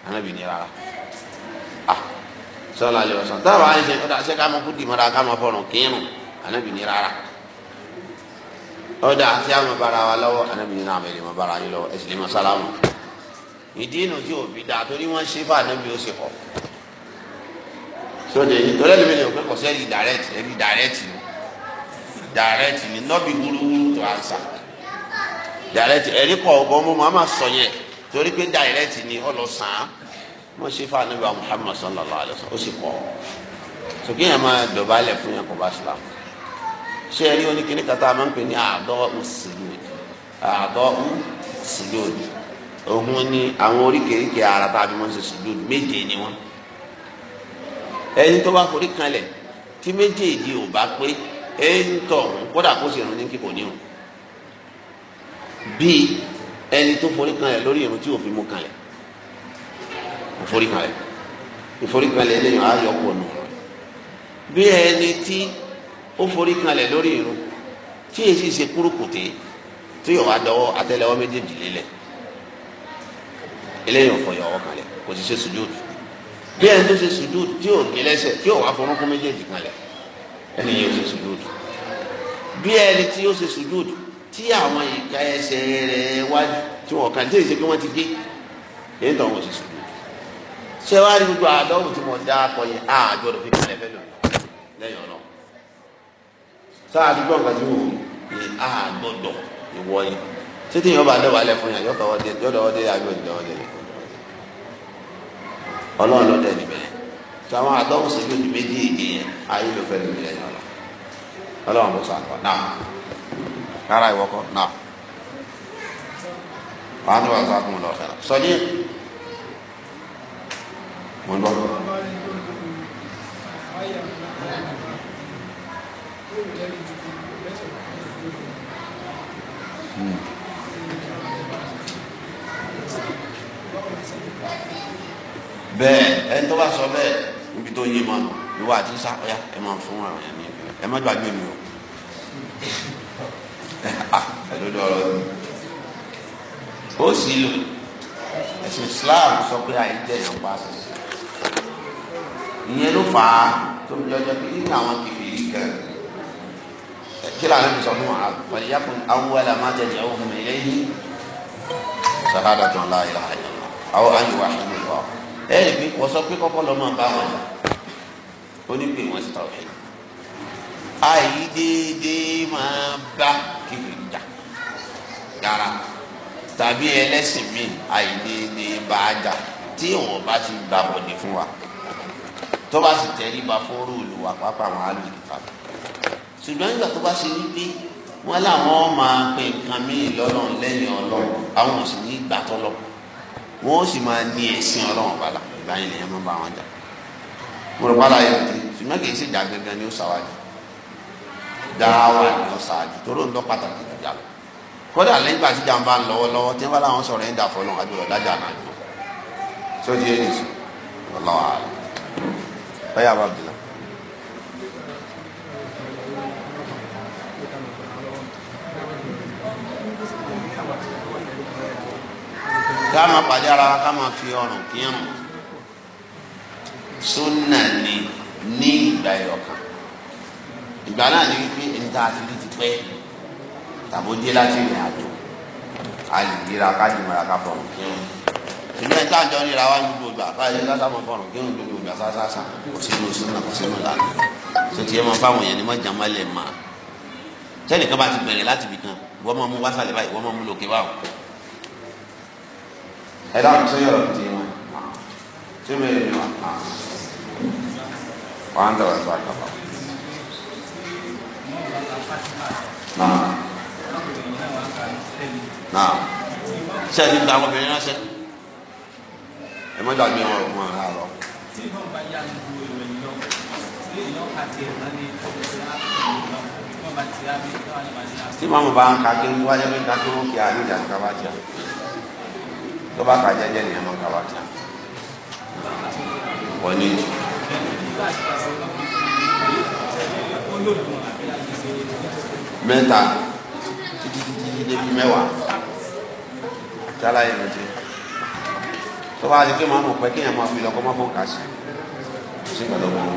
àwọn èmi kìlọ̀ rárá sọlá lè wọ sàn ọ̀dà àti àmọ̀ bára wa lọ́wọ́ anábìyí náà àmọ̀ èlèmọ̀ bára yín lọ́wọ́ ẹ̀sìn lè mọ̀ sálámù ìdí inú tí òbí dáa torí wọ́n ṣe fún anábìyí ó sì kọ̀ sóde torí ẹ̀lẹ́mì ni òpin kọ̀ọ̀sẹ́ ẹ̀rí direct ẹ̀rí direct ni direct ni nọ́ọ̀bì wúrúwúrú tó ànsà direct ẹ̀rí kọ̀ ọ̀bọ̀n mọ́ màá sọ yẹn torí pé direct ni ọlọ́sàn án wọ́n ṣe fún anábìyí Muhammad sallallahu alayhi wa sallam ó sì kọ̀ sókè yẹn máa dọ̀bálẹ̀ fún yẹn kọ̀ bá sàlámù ṣé ẹ rí oníkíní kata máa ń pè ní àdọ́ òsìlódì àdọ́ òsìlódì òun ni àwọn oríkèéríkèé ara tá a fi mọ́ ṣe sùdúdù méje ni wọ́n ẹni tó bá forí kanlẹ̀ tí méjèèjì ò bá pé ẹni tọ̀ kódà kó sì rún ní kíkò ní o bíi ẹni tó forí kanlẹ̀ lórí irun tí òfin mú kanlẹ̀ ìforí kanlẹ̀ ìforí kanlẹ̀ lẹ́yìn ayọ̀ nù bí ẹni tí ó forí kanlẹ̀ lórí irun tí èsì ṣe kúrúkùté tí yóò wá dọwọ́ àtẹ́lẹwọ́ méjèèjì lélẹ̀ eléyìí ò fọyọ̀ ọwọ́ kanlẹ̀ kò sì ṣe sùjúdù bí ẹni tó ṣe sùjúdù tí yóò gé lẹ́sẹ̀ tí yóò wá fọmọkún méjèèjì kanlẹ̀ ẹni yóò ṣe sùjúdù bí ẹni tí yóò ṣe sùjúdù tí àwọn ìka ẹsẹ̀ rẹ̀ wájú tí wọ́n kàn tí èsì pé wọ́n ti gé èyí tó wọ́n ṣe sùjúdù ṣé wàá rí gbogbo àdánwò tá a dúgbò nǹkan tí wò ó ní a gbọ́dọ̀ ìwọ ni títí yóò bá dọ̀wọ́ alẹ́ fún yàn yóò dọ̀wọ́ dé yóò dọ̀wọ́ dé àbí òní dọ̀wọ́ dé ọlọ́run ló dẹ̀ níbẹ̀ táwọn àdọ́wọ́ sí lójú méjì èké yẹn ayé ló fẹ́ lórí ẹ̀yàn lọ ọlọ́run ló sàkọ náà rárá ìwọ́kọ náà wàá ní wàá sàkùn lọ́ọ́ fẹ́ràn sọ ní mo ń bọ́. bẹ́ẹ̀ ẹni tó bá sọ bẹ́ẹ̀ níbi tó yín mọ ìwọ àti sá ọyá ẹ máa fún àwọn ẹni ẹ má gbàgbé mi o ah, ẹlòdì ọ̀rọ̀ ni ó sì lò ẹ̀sìn Islam sọ pé àyè jẹ èèyàn pa àṣẹ ìyẹn ló fà á tó ń jọjọ pé nínú àwọn kìfìrí kan kí làwọn ẹbí sọ fún wa wàlíyàkùn awúwàlà má tẹ̀lé àwọn ọmọ ilé yìí sàládà tó ń la ìlà àyè àwọn àyùwà àyùwà ìwà ẹ ẹ bí wọ́n sọ pé kọ́kọ́ lọ́ máa bá wọn yà ó ní pé wọ́n ti tà ọ̀hẹ́ àyí déédéé máa bá kìfìrí jà yàrá tàbí ẹlẹ́sìn míì àyí déédéé bá a jà tí wọn bá ti gbà wọlé fún wa tó bá sì tẹríba fún rúùlù wa pápá àwọn alùpùpù ṣùgbọ́n nígbà tó bá ṣe wípé wọ́n láwọn máa pe nǹkan míì lọ́lọ́run lẹ́yìn ọlọ́run àwọn sì ní ìgbà tọ́lọ̀ wọ́n sì máa ní ẹ̀sìn ọlọ́run padà ìgbà yẹn lèyàn máa bá wọn jà mo rò pálá yẹn ti ṣùgbọ́n kì í ṣèjà gẹ́gẹ́ ni ó ṣàwájú dáwà ni ó ṣàwájú tó ló ń lọ pàtàkì ìjà lọ kódà lẹ́yìn ìgbà tí jàǹbá ń lọ́wọ́lọ́wọ́ tí wọ́n láwọn sọ̀rọ̀ ẹ̀ dà ká máa pàdé ara wa ká máa fi ọrùn kírun sunna ni ní ìgbà ìyọkan ìgbà náà ni wípé ẹni tá a ti rí ti pẹ́ tàbó dé láti ìrìn àjò a lè yíra ká lè mọ̀ra ká fọ̀rùn kírun ìgbà tá a jọ ríra wá ní gbogbo àgbà yẹn lọ́sà mọ̀ fọ̀rùn kírun gbogbo ìgbà sásásá kò sínú sunna kò sínú lànà tó ti yẹ mọ fáwọn yẹn ni mọ̀ jàmọ́ lẹ̀ máa tẹ́nìkan bá ti bẹ̀rẹ̀ láti ibì kan wọ́n máa mú wásálẹ̀ báyìí wọ́n máa mú lókè báwọn ẹ dáhùn sọ yọrọ ti wọn tí mi rí wọn wọn dọwọ ẹgbẹ àgbà. náà náà ṣé ẹni gba àwọn obìnrin ránṣẹ́ ẹ má dàgbé wọn òkun ọ̀rọ̀ àrọ. tí màmú bá ń ka kí wọ́n wáyé bí ká kí wọ́n kí àníjà ń ká bá jẹ́ tó bá ka jẹ́jẹ́ nìyẹn máa ka wákìá wọ́n ní jù. mẹ́ta títí títí débi mẹ́wàá jala yẹn lọ jẹ tó bá di kí máa mọ̀ pé kéèyàn máa fi lọ kó máa fọ́n kà sí ṣé gbàdọ̀ mọ́ ọ́n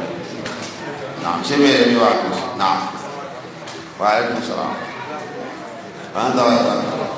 náà ṣé bẹ́ẹ̀ ni wàá kù náà wàá yẹ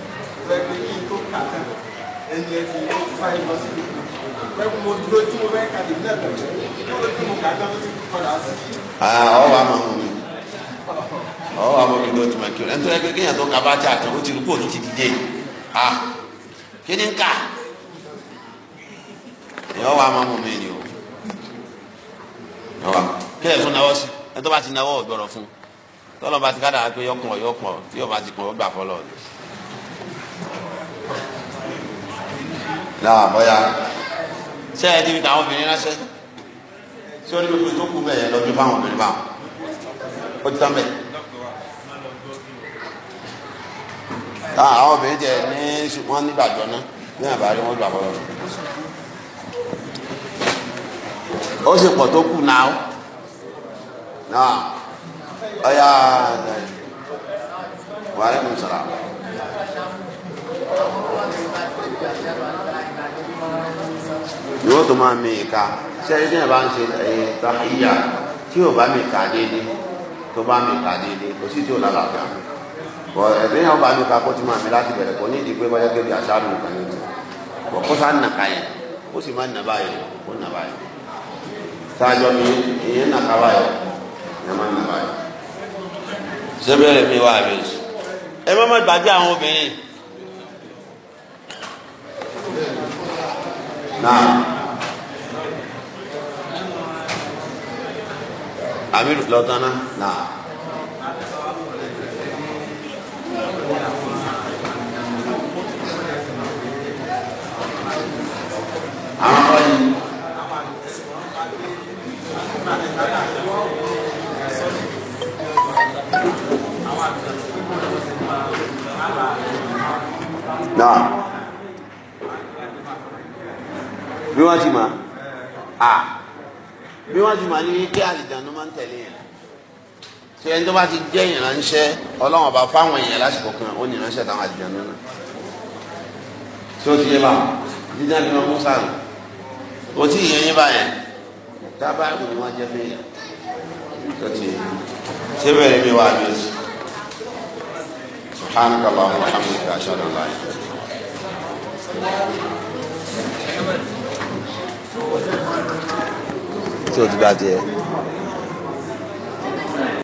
pé kí n tó kà á ẹni ẹ ti ó fa ìmọ̀ sí mi pé mo dúró tí mo fẹ́ kàdé ní ẹ̀tọ́ tí mo tí mo kà á tó ti padà sí. ọ wà máa mi ọ wà máa mi tó ti máa kí o ẹni tó yẹ pé kéèyàn tó kaba tí a tẹ o ti rú kó o ti dìde a kí ni n kà ọ wà máa mú mi ni o ọ wà kí ẹ tún náwó sí ẹ tó bá ti náwó ọgbọrọ fún tọ́lọ́ bá ti ká dàá pé yọkùn ọ̀ yọkùn ọ̀ tí yọba ti kùn ọ̀ gbà fọlọ́ ọ̀dọ̀. náà bọ́yá ṣé ẹ ti fi tàwọn obìnrin ránṣẹ́ ṣé ó ní gbogbo tó kú bẹ́ẹ̀ lọ́dún fáwọn obìnrin báwọn ó ti tán bẹ́ẹ̀. àwọn obìnrin jẹ ní ṣùgbọ́n nígbàjọ náà ní àbárí wọn lù àwọn ọ̀rọ̀. ó sì pọ̀ tó kù náà náà ọ̀yà wàhálà ń sọ̀rọ̀ àwọn. yóò tó máa mi ìka sẹ́yìn tí yẹn bá ń ṣe ẹ̀yẹ tàkìyà tí yóò bá mi ìka déédéé tó bá mi ìka déédéé kò sí tí yóò lálàáfíà bọ̀ ẹ̀bí yẹn bá mi ìka kó ti máa mi láti bẹ̀rẹ̀ kò ní ìdí pé bájá kébi àṣàlù nǹkan yẹn bọ̀ kó sá nà ká yẹn ó sì má nà báyìí kó nà báyìí sáájọ́ mi ìyẹn nà ká báyìí ìyẹn má nà báyìí. sẹ́bẹ̀rẹ̀ mi wá àbẹ̀ ẹ má má gbàgbé àwọn obìnrin. náà. amiru Lautana, na. àwọn ọmọ yìí. náà bí bí wọ́n ti máa ní pé àlìjánu máa ń tẹ̀lé yẹn tí ẹni tó bá ti jẹ́ ìránṣẹ́ ọlọ́run ọba fáwọn èèyàn lásìkò kan ó ní ìránṣẹ́ táwọn àlìjánu náà tí ó ti yé bá dídá ni wọn mú sáré o ti yẹ yín báyẹn tábà ìwé ni wọn jẹ fẹ́yàn tó ti yẹ síbẹ̀ ni mi wà ní oṣù subhanaka allahumma wa hamdika ashhadu an la tó ti bá tiẹ̀.